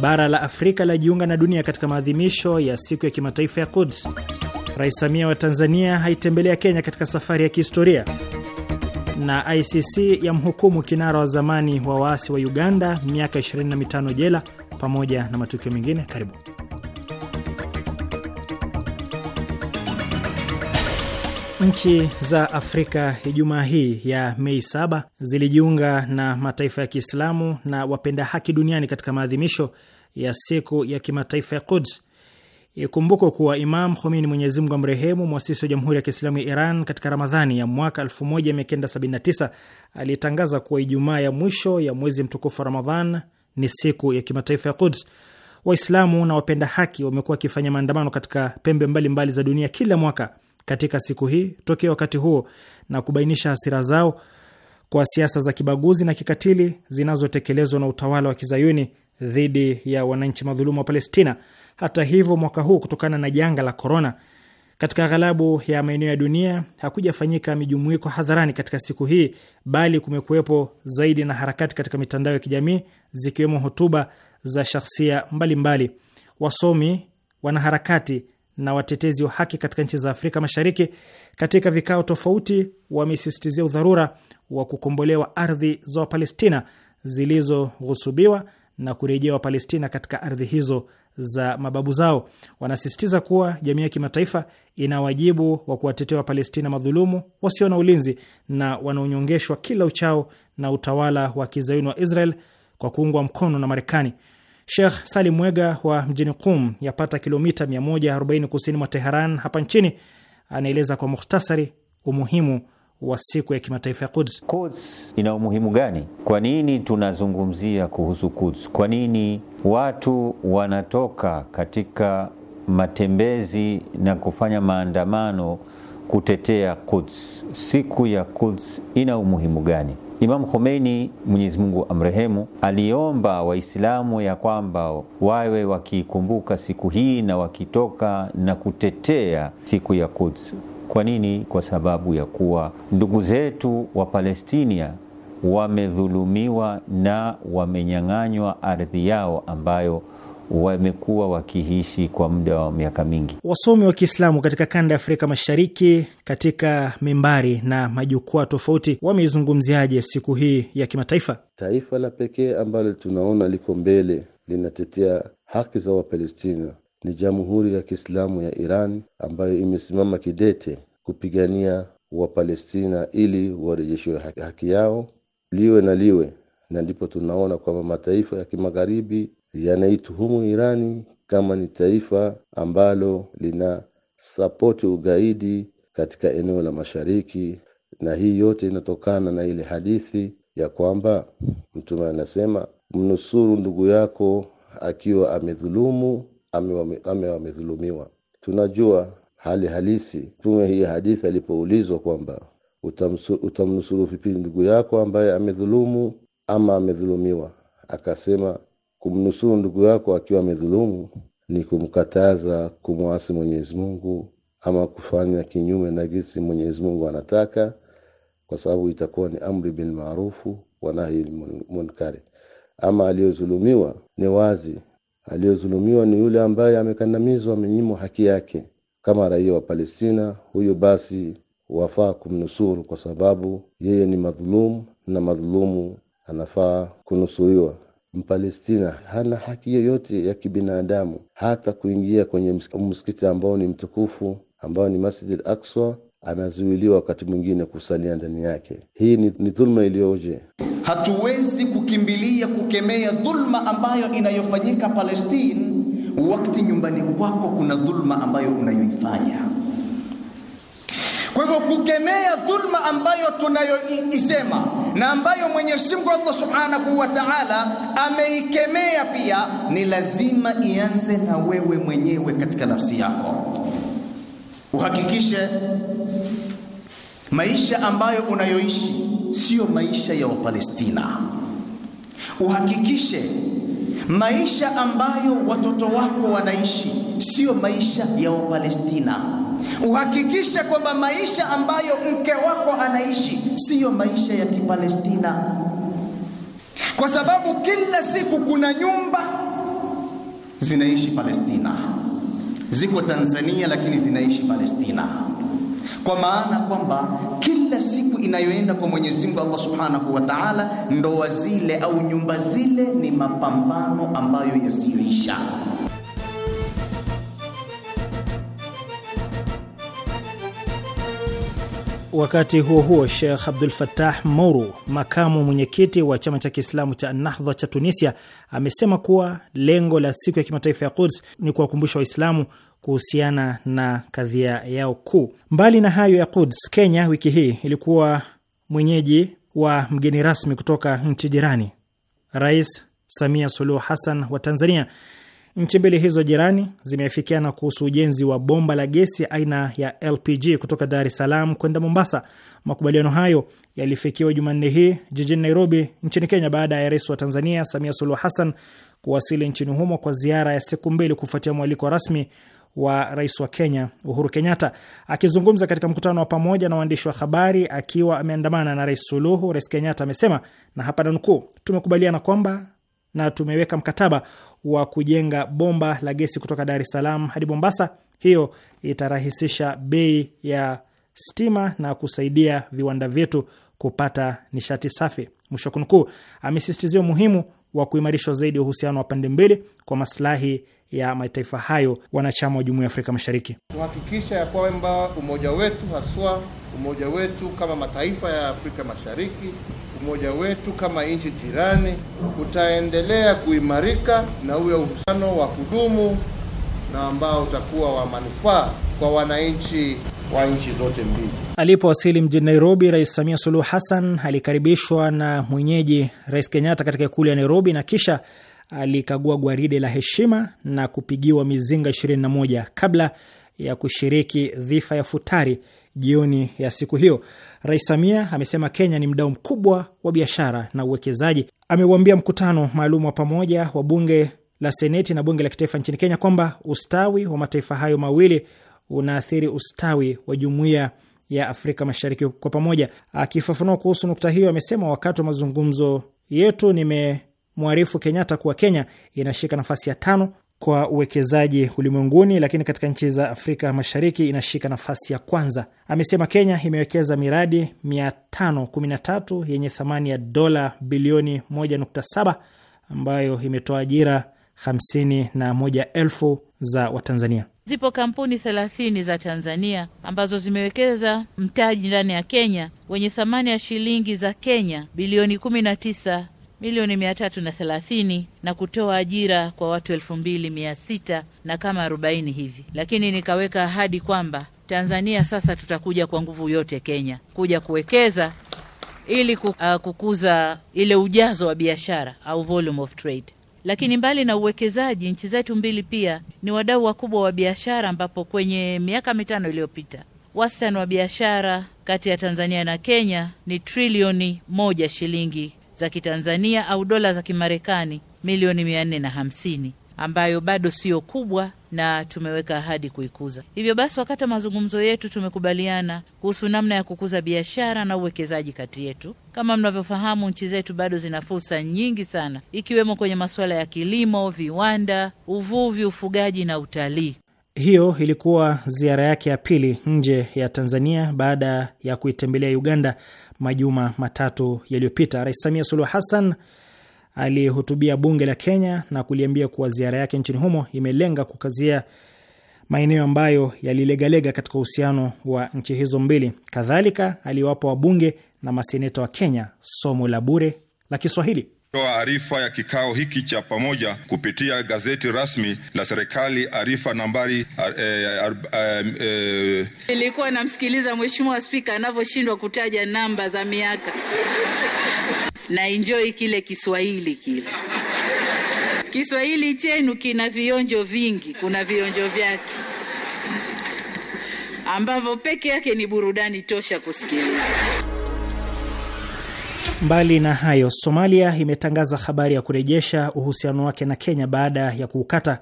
bara la Afrika lajiunga na dunia katika maadhimisho ya siku ya kimataifa ya Quds, Rais Samia wa Tanzania haitembelea Kenya katika safari ya kihistoria, na ICC ya mhukumu kinara wa zamani wa waasi wa Uganda miaka 25 jela pamoja na matukio mengine. Karibu. Nchi za Afrika Ijumaa hii ya Mei 7 zilijiunga na mataifa ya Kiislamu na wapenda haki duniani katika maadhimisho ya siku ya kimataifa ya Quds. Ikumbukwe kuwa Imam Khomeini, Mwenyezi Mungu amrehemu, mwasisi wa Jamhuri ya Kiislamu ya Iran, katika Ramadhani ya mwaka 1979 alitangaza kuwa Ijumaa ya mwisho ya mwezi mtukufu wa Ramadhan ni siku ya kimataifa ya Quds. Waislamu na wapenda haki wamekuwa wakifanya maandamano katika pembe mbalimbali mbali za dunia kila mwaka katika siku hii tokea wakati huo, na kubainisha hasira zao kwa siasa za kibaguzi na kikatili zinazotekelezwa na utawala wa kizayuni dhidi ya wananchi madhulumu wa Palestina. Hata hivyo, mwaka huu kutokana na janga la korona katika ghalabu ya maeneo ya dunia hakujafanyika mijumuiko hadharani katika siku hii, bali kumekuwepo zaidi na harakati katika mitandao ya kijamii, zikiwemo hotuba za shakhsia mbalimbali Wasomi, wanaharakati na watetezi wa haki katika nchi za Afrika Mashariki katika vikao tofauti wamesisitizia udharura wa kukombolewa ardhi za Wapalestina zilizoghusubiwa na kurejea Wapalestina katika ardhi hizo za mababu zao. Wanasisitiza kuwa jamii ya kimataifa ina wajibu wa kuwatetea Wapalestina madhulumu wasio na ulinzi na wanaonyongeshwa kila uchao na utawala wa kizayuni wa Israel kwa kuungwa mkono na Marekani. Sheikh Salim Mwega wa mjini Qum, yapata kilomita 140 kusini mwa Teheran hapa nchini, anaeleza kwa mukhtasari umuhimu wa siku ya kimataifa ya Quds. Quds ina umuhimu gani? Kwa nini tunazungumzia kuhusu Quds? Kwa nini watu wanatoka katika matembezi na kufanya maandamano kutetea Quds? Siku ya Quds ina umuhimu gani? Imam Khomeini, Mwenyezi Mungu amrehemu, aliomba Waislamu ya kwamba wawe wakiikumbuka siku hii na wakitoka na kutetea siku ya Quds. Kwa nini? Kwa sababu ya kuwa ndugu zetu wa Palestina wamedhulumiwa na wamenyang'anywa ardhi yao ambayo wamekuwa wakiishi kwa muda wa miaka mingi. Wasomi wa Kiislamu katika kanda ya Afrika Mashariki, katika mimbari na majukwaa tofauti, wameizungumziaje siku hii ya kimataifa? Taifa la pekee ambalo tunaona liko mbele linatetea haki za Wapalestina ni Jamhuri ya Kiislamu ya Iran ambayo imesimama kidete kupigania Wapalestina ili warejeshiwe haki yao liwe na liwe, na ndipo tunaona kwamba mataifa ya kimagharibi yanaituhumu Irani kama ni taifa ambalo lina sapoti ugaidi katika eneo la Mashariki, na hii yote inatokana na ile hadithi ya kwamba Mtume anasema mnusuru ndugu yako akiwa amedhulumu ame wamedhulumiwa wame tunajua hali halisi tume hii hadithi alipoulizwa kwamba utamnusuru vipi ndugu yako ambaye amedhulumu ama amedhulumiwa akasema kumnusuru ndugu yako akiwa amedhulumu ni kumkataza kumwasi mwenyezi mungu ama kufanya kinyume na gisi mwenyezi mungu anataka kwa sababu itakuwa ni amri bil maarufu wa munkari ama aliyodhulumiwa ni wazi aliyozulumiwa ni yule ambaye amekandamizwa, amenyimwa haki yake. Kama raia wa Palestina, huyo basi wafaa kumnusuru, kwa sababu yeye ni madhulumu na madhulumu anafaa kunusuriwa. Mpalestina hana haki yoyote ya kibinadamu, hata kuingia kwenye msikiti ambao ni mtukufu, ambao ni Masjid aqsa anazuiliwa wakati mwingine kusalia ndani yake. Hii ni dhuluma iliyoje! Hatuwezi kukimbilia kukemea dhulma ambayo inayofanyika Palestine wakati nyumbani kwako kuna dhulma ambayo unayoifanya. Kwa hivyo kukemea dhulma ambayo tunayoisema na ambayo Mwenyezi Mungu Allah Subhanahu wa Ta'ala ameikemea pia, ni lazima ianze na wewe mwenyewe katika nafsi yako. Uhakikishe maisha ambayo unayoishi sio maisha ya Wapalestina. Uhakikishe maisha ambayo watoto wako wanaishi siyo maisha ya Wapalestina. Uhakikishe kwamba maisha ambayo mke wako anaishi siyo maisha ya Kipalestina, kwa sababu kila siku kuna nyumba zinaishi Palestina, ziko Tanzania lakini zinaishi Palestina, kwa maana kwamba kila siku inayoenda kwa Mwenyezi Mungu Allah Subhanahu wa Ta'ala, ndoa zile au nyumba zile ni mapambano ambayo yasiyoisha. Wakati huo huo, Sheikh Abdul Fattah Mouro, makamu mwenyekiti wa chama cha Kiislamu cha Nahdha cha Tunisia, amesema kuwa lengo la siku ya kimataifa ya Quds ni kuwakumbusha Waislamu kuhusiana na kadhia yao kuu. Mbali na hayo ya Quds, Kenya wiki hii ilikuwa mwenyeji wa mgeni rasmi kutoka nchi jirani, Rais Samia Suluhu Hassan wa Tanzania. Nchi mbili hizo jirani zimeafikiana kuhusu ujenzi wa bomba la gesi aina ya LPG kutoka Dar es Salaam kwenda Mombasa. Makubaliano hayo yalifikiwa Jumanne hii jijini Nairobi nchini Kenya, baada ya rais wa Tanzania Samia Suluhu Hassan kuwasili nchini humo kwa ziara ya siku mbili kufuatia mwaliko rasmi wa rais wa Kenya Uhuru Kenyatta. Akizungumza katika mkutano wa pamoja na waandishi wa habari akiwa ameandamana na rais Suluhu, rais Kenyatta amesema na hapa nanukuu, tumekubaliana kwamba na tumeweka mkataba wa kujenga bomba la gesi kutoka Dar es Salaam hadi Mombasa. Hiyo itarahisisha bei ya stima na kusaidia viwanda vyetu kupata nishati safi, mwisho kunukuu. Amesisitiza umuhimu wa kuimarishwa zaidi uhusiano wa pande mbili kwa maslahi ya mataifa hayo wanachama wa jumuiya ya Afrika Mashariki, kuhakikisha ya kwamba umoja wetu haswa umoja wetu kama mataifa ya Afrika Mashariki, umoja wetu kama nchi jirani utaendelea kuimarika na uwe uhusiano wa kudumu na ambao utakuwa wa manufaa kwa wananchi wa nchi zote mbili. Alipowasili mjini Nairobi, Rais Samia Suluhu Hassan alikaribishwa na mwenyeji Rais Kenyatta katika ikulu ya Nairobi na kisha alikagua gwaride la heshima na kupigiwa mizinga 21 kabla ya kushiriki dhifa ya futari jioni ya siku hiyo. Rais Samia amesema Kenya ni mdau mkubwa wa biashara na uwekezaji. amewambia mkutano maalum wa pamoja wa bunge la seneti na bunge la kitaifa nchini Kenya kwamba ustawi wa mataifa hayo mawili unaathiri ustawi wa jumuiya ya Afrika Mashariki kwa pamoja. Akifafanua kuhusu nukta hiyo, amesema wakati wa mazungumzo yetu nime mwarifu Kenyatta kuwa Kenya inashika nafasi ya tano kwa uwekezaji ulimwenguni, lakini katika nchi za Afrika Mashariki inashika nafasi ya kwanza. Amesema Kenya imewekeza miradi 513 yenye thamani ya dola bilioni 1.7 ambayo imetoa ajira 51,000 za Watanzania. Zipo kampuni 30 za Tanzania ambazo zimewekeza mtaji ndani ya Kenya wenye thamani ya shilingi za Kenya bilioni 19 milioni mia tatu na thelathini na kutoa ajira kwa watu elfu mbili mia sita na kama arobaini hivi, lakini nikaweka ahadi kwamba Tanzania sasa tutakuja kwa nguvu yote Kenya kuja kuwekeza ili uh, kukuza ile ujazo wa biashara au volume of trade. Lakini mbali na uwekezaji, nchi zetu mbili pia ni wadau wakubwa wa biashara, ambapo kwenye miaka mitano iliyopita wastani wa biashara kati ya Tanzania na Kenya ni trilioni moja shilingi za Kitanzania au dola za Kimarekani milioni 450 ambayo bado sio kubwa na tumeweka ahadi kuikuza. Hivyo basi, wakati wa mazungumzo yetu tumekubaliana kuhusu namna ya kukuza biashara na uwekezaji kati yetu. Kama mnavyofahamu, nchi zetu bado zina fursa nyingi sana, ikiwemo kwenye masuala ya kilimo, viwanda, uvuvi, ufugaji na utalii. Hiyo ilikuwa ziara yake ya pili nje ya Tanzania baada ya kuitembelea Uganda majuma matatu yaliyopita. Rais Samia Suluhu Hassan alihutubia bunge la Kenya na kuliambia kuwa ziara yake nchini humo imelenga kukazia maeneo ambayo yalilegalega katika uhusiano wa nchi hizo mbili. Kadhalika, aliwapa wabunge na maseneta wa Kenya somo la bure la Kiswahili toa arifa ya kikao hiki cha pamoja kupitia gazeti rasmi la serikali arifa nambari eh, ar, ar, ar, ar. namsikiliza mheshimiwa spika anavyoshindwa kutaja namba za miaka na enjoy kile Kiswahili kile Kiswahili chenu kina vionjo vingi, kuna vionjo vyake ambavyo peke yake ni burudani tosha kusikiliza. Mbali na hayo, Somalia imetangaza habari ya kurejesha uhusiano wake na Kenya baada ya kuukata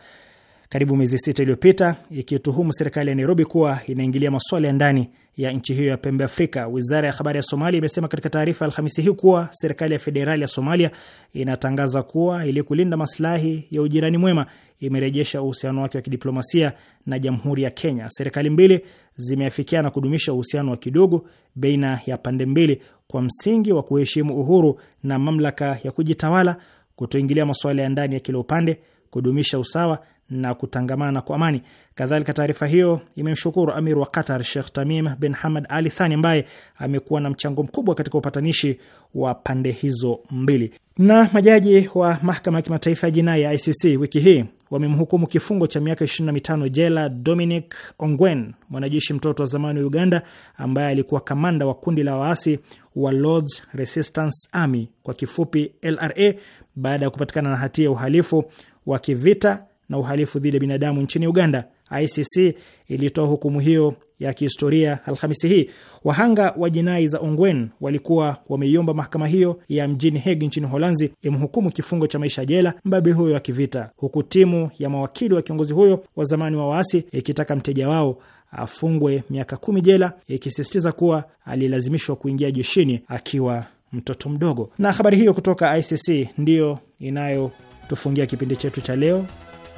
karibu miezi sita iliyopita, ikituhumu serikali ya Nairobi kuwa inaingilia masuala ya ndani ya nchi hiyo ya pembe Afrika. Wizara ya habari ya Somalia imesema katika taarifa ya Alhamisi hii kuwa serikali ya federali ya Somalia inatangaza kuwa ili kulinda masilahi ya ujirani mwema imerejesha uhusiano wake wa kidiplomasia na jamhuri ya Kenya. Serikali mbili zimeafikiana kudumisha uhusiano wa kidogo baina ya pande mbili kwa msingi wa kuheshimu uhuru na mamlaka ya kujitawala, kutoingilia masuala ya ndani ya kila upande, kudumisha usawa na kutangamana kwa amani. Kadhalika, taarifa hiyo imemshukuru Amir wa Qatar Sheikh Tamim bin Hamad Ali Thani ambaye amekuwa na mchango mkubwa katika upatanishi wa pande hizo mbili. Na majaji wa mahakama ya kimataifa ya jinai ya ICC wiki hii wamemhukumu kifungo cha miaka 25 jela Dominic Ongwen, mwanajeshi mtoto wa zamani wa Uganda ambaye alikuwa kamanda wa kundi la waasi wa Lords Resistance Army kwa kifupi LRA, baada ya kupatikana na hatia ya uhalifu wa kivita na uhalifu dhidi ya binadamu nchini Uganda. ICC ilitoa hukumu hiyo ya kihistoria Alhamisi hii. Wahanga wa jinai za Ongwen walikuwa wameiomba mahakama hiyo ya mjini Hague nchini Holanzi imhukumu kifungo cha maisha jela mbabe huyo wa kivita, huku timu ya mawakili wa kiongozi huyo wa zamani wa waasi ikitaka mteja wao afungwe miaka kumi jela, ikisisitiza kuwa alilazimishwa kuingia jeshini akiwa mtoto mdogo. Na habari hiyo kutoka ICC ndiyo inayotufungia kipindi chetu cha leo.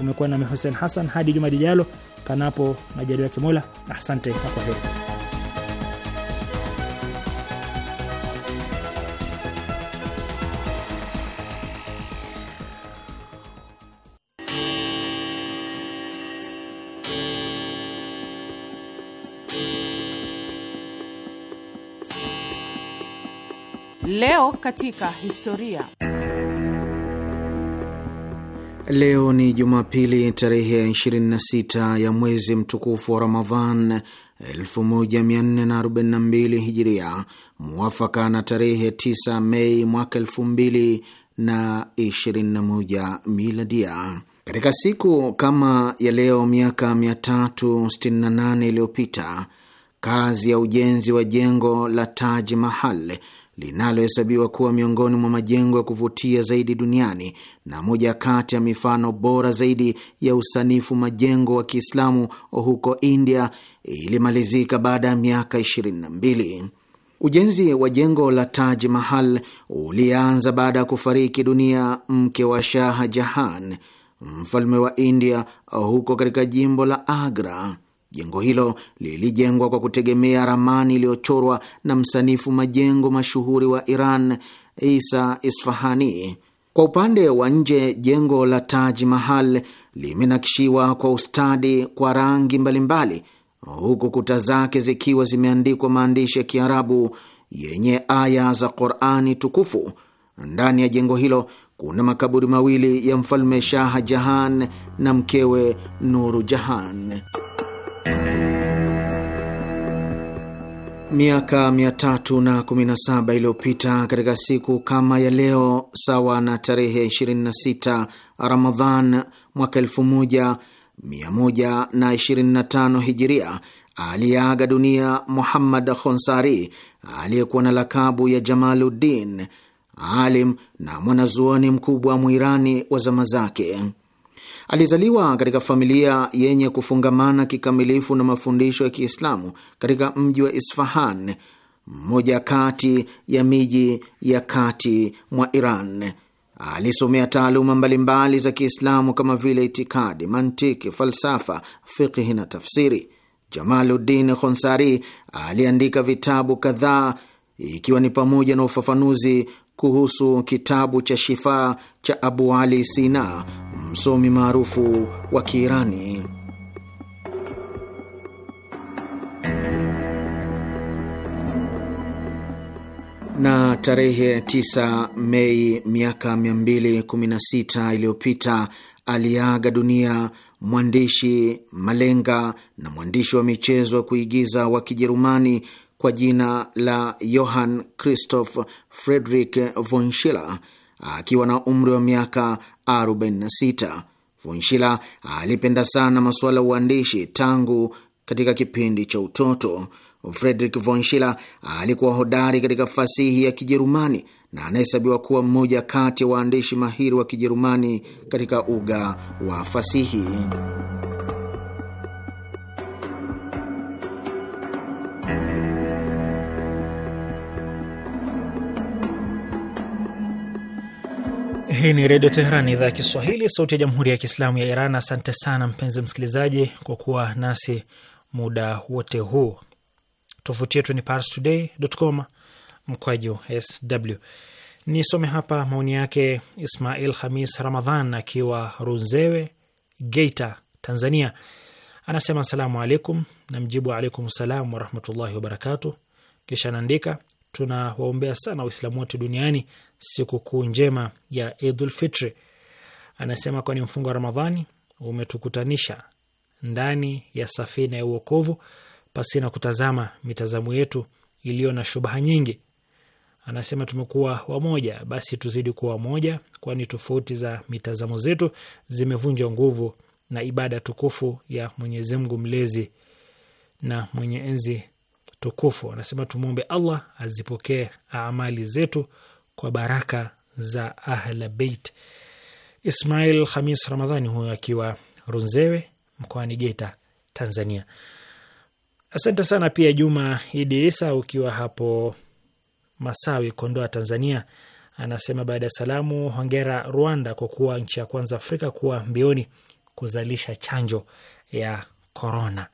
Umekuwa nami Hussein Hassan hadi juma lijalo, panapo majaliwa ya kimola Asante na kwa heri. Leo katika historia Leo ni Jumapili tarehe ya 26 ya mwezi mtukufu wa Ramadhan 1442 Hijiria, muwafaka na tarehe 9 Mei mwaka 2021 Miladia. Katika siku kama ya leo miaka 368 iliyopita, kazi ya ujenzi wa jengo la Taj Mahal linalohesabiwa kuwa miongoni mwa majengo ya kuvutia zaidi duniani na moja kati ya mifano bora zaidi ya usanifu majengo wa Kiislamu huko India ilimalizika baada ya miaka 22. Ujenzi wa jengo la Taj Mahal ulianza baada ya kufariki dunia mke wa Shah Jahan, mfalme wa India, huko katika jimbo la Agra. Jengo hilo lilijengwa kwa kutegemea ramani iliyochorwa na msanifu majengo mashuhuri wa Iran, Isa Isfahani. Kwa upande wa nje, jengo la Taj Mahal limenakishiwa kwa ustadi kwa rangi mbalimbali, huku kuta zake zikiwa zimeandikwa maandishi ya Kiarabu yenye aya za Qurani tukufu. Ndani ya jengo hilo kuna makaburi mawili ya mfalme shaha Jahan na mkewe Nuru Jahan. Miaka 317 iliyopita katika siku kama ya leo, sawa na tarehe 26 Ramadhan mwaka 1125 Hijiria, aliyeaga dunia Muhammad Khonsari aliyekuwa na lakabu ya Jamaluddin, alim na mwanazuoni mkubwa Mwirani wa zama zake. Alizaliwa katika familia yenye kufungamana kikamilifu na mafundisho ya Kiislamu katika mji wa Isfahan, mmoja kati ya miji ya kati mwa Iran. Alisomea taaluma mbalimbali za Kiislamu kama vile itikadi, mantiki, falsafa, fikhi na tafsiri. Jamaluddin Khonsari aliandika vitabu kadhaa ikiwa ni pamoja na ufafanuzi kuhusu kitabu cha Shifaa cha Abu Ali Sina, msomi maarufu wa Kiirani. Na tarehe 9 Mei miaka 216 iliyopita aliaga dunia mwandishi malenga na mwandishi wa michezo wa kuigiza wa Kijerumani kwa jina la Johann Christoph Friedrich von Schiller akiwa na umri wa miaka 46. Von Schiller alipenda sana masuala ya uandishi tangu katika kipindi cha utoto. Friedrich von Schiller alikuwa hodari katika fasihi ya Kijerumani na anahesabiwa kuwa mmoja kati ya waandishi mahiri wa Kijerumani katika uga wa fasihi. Hii ni Redio Teheran, idhaa ya Kiswahili, sauti ya Jamhuri ya Kiislamu ya Iran. Asante sana mpenzi msikilizaji kwa kuwa nasi muda wote huu. Tovuti yetu ni parstoday.com mkwaju sw. Nisome hapa maoni yake Ismail Hamis Ramadhan akiwa Runzewe, Geita, Tanzania. Anasema asalamu alaikum, na mjibu alaikum salam warahmatullahi wabarakatu. Kisha anaandika tunawaombea sana Waislamu wote duniani sikukuu njema ya Idul Fitri. Anasema kwani mfungo wa Ramadhani umetukutanisha ndani ya safina ya uokovu pasina kutazama mitazamo yetu iliyo na shubaha nyingi. Anasema tumekuwa wamoja, basi tuzidi kuwa wamoja, kwani tofauti za mitazamo zetu zimevunja nguvu na ibada tukufu ya Mwenyezi Mungu mlezi na mwenye enzi tukufu. Anasema tumwombe Allah azipokee amali zetu kwa baraka za Ahla Beit. Ismail Khamis Ramadhani huyo akiwa Runzewe mkoani Geita, Tanzania. Asante sana pia Juma Idi Isa ukiwa hapo Masawi, Kondoa, Tanzania, anasema baada ya salamu, hongera Rwanda kwa kuwa nchi ya kwanza Afrika kuwa mbioni kuzalisha chanjo ya korona.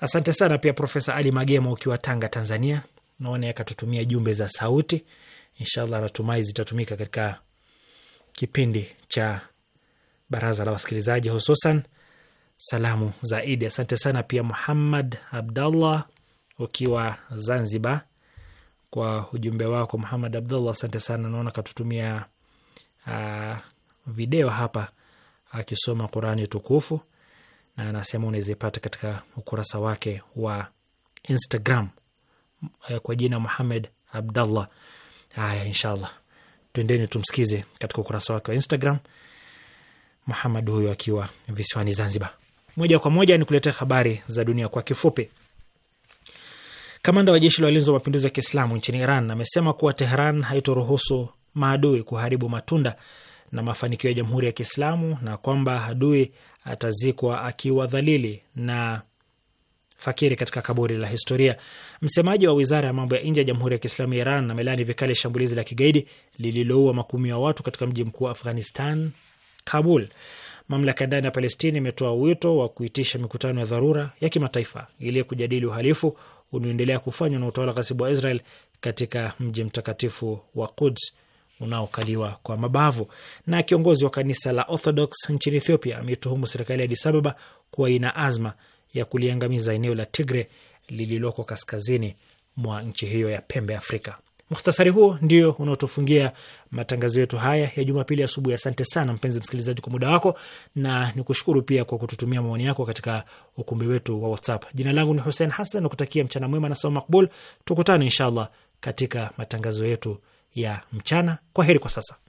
Asante sana pia Profesa Ali Magema ukiwa Tanga, Tanzania. Naona akatutumia jumbe za sauti, inshallah natumai zitatumika katika kipindi cha baraza la wasikilizaji, hususan salamu za Idi. Asante sana pia Muhammad Abdallah ukiwa Zanzibar kwa ujumbe wako Muhammad Abdallah, asante sana. Naona katutumia uh, ah, video hapa akisoma Qurani tukufu na anasema unawezipata katika ukurasa wake wa Instagram eh, kwa jina Muhamed Abdallah. Haya, inshallah twendeni tumsikize katika ukurasa wake wa Instagram, Muhamad huyo akiwa visiwani Zanzibar. Moja kwa moja ni kuletea habari za dunia kwa kifupi. Kamanda wa jeshi la walinzi wa mapinduzi ya Kiislamu nchini Iran amesema kuwa Teheran haitoruhusu maadui kuharibu matunda na mafanikio ya Jamhuri ya Kiislamu na kwamba adui atazikwa akiwa dhalili na fakiri katika kaburi la historia. Msemaji wa wizara ya mambo ya nje ya Jamhuri ya Kiislamu ya Iran amelaani vikali shambulizi la kigaidi lililoua makumi ya watu katika mji mkuu wa Afghanistan, Kabul. Mamlaka ya ndani ya Palestina imetoa wito wa kuitisha mikutano ya dharura ya kimataifa ili kujadili uhalifu unaoendelea kufanywa na utawala ghasibu wa Israel katika mji mtakatifu wa Quds unaokaliwa kwa mabavu. Na kiongozi wa kanisa la Orthodox nchini Ethiopia ametuhumu serikali ya Addis Ababa kuwa ina azma ya kuliangamiza eneo la Tigre lililoko kaskazini mwa nchi hiyo ya pembe Afrika. Mukhtasari huo ndio unaotufungia matangazo yetu haya ya Jumapili asubuhi. Asante sana mpenzi msikilizaji kwa muda wako, na nikushukuru pia kwa kututumia maoni yako katika ukumbi wetu wa WhatsApp. Jina langu ni Hussein Hassan, nakutakia mchana mwema na sawa makbul. Tukutane inshallah katika matangazo yetu ya mchana. Kwa heri kwa sasa.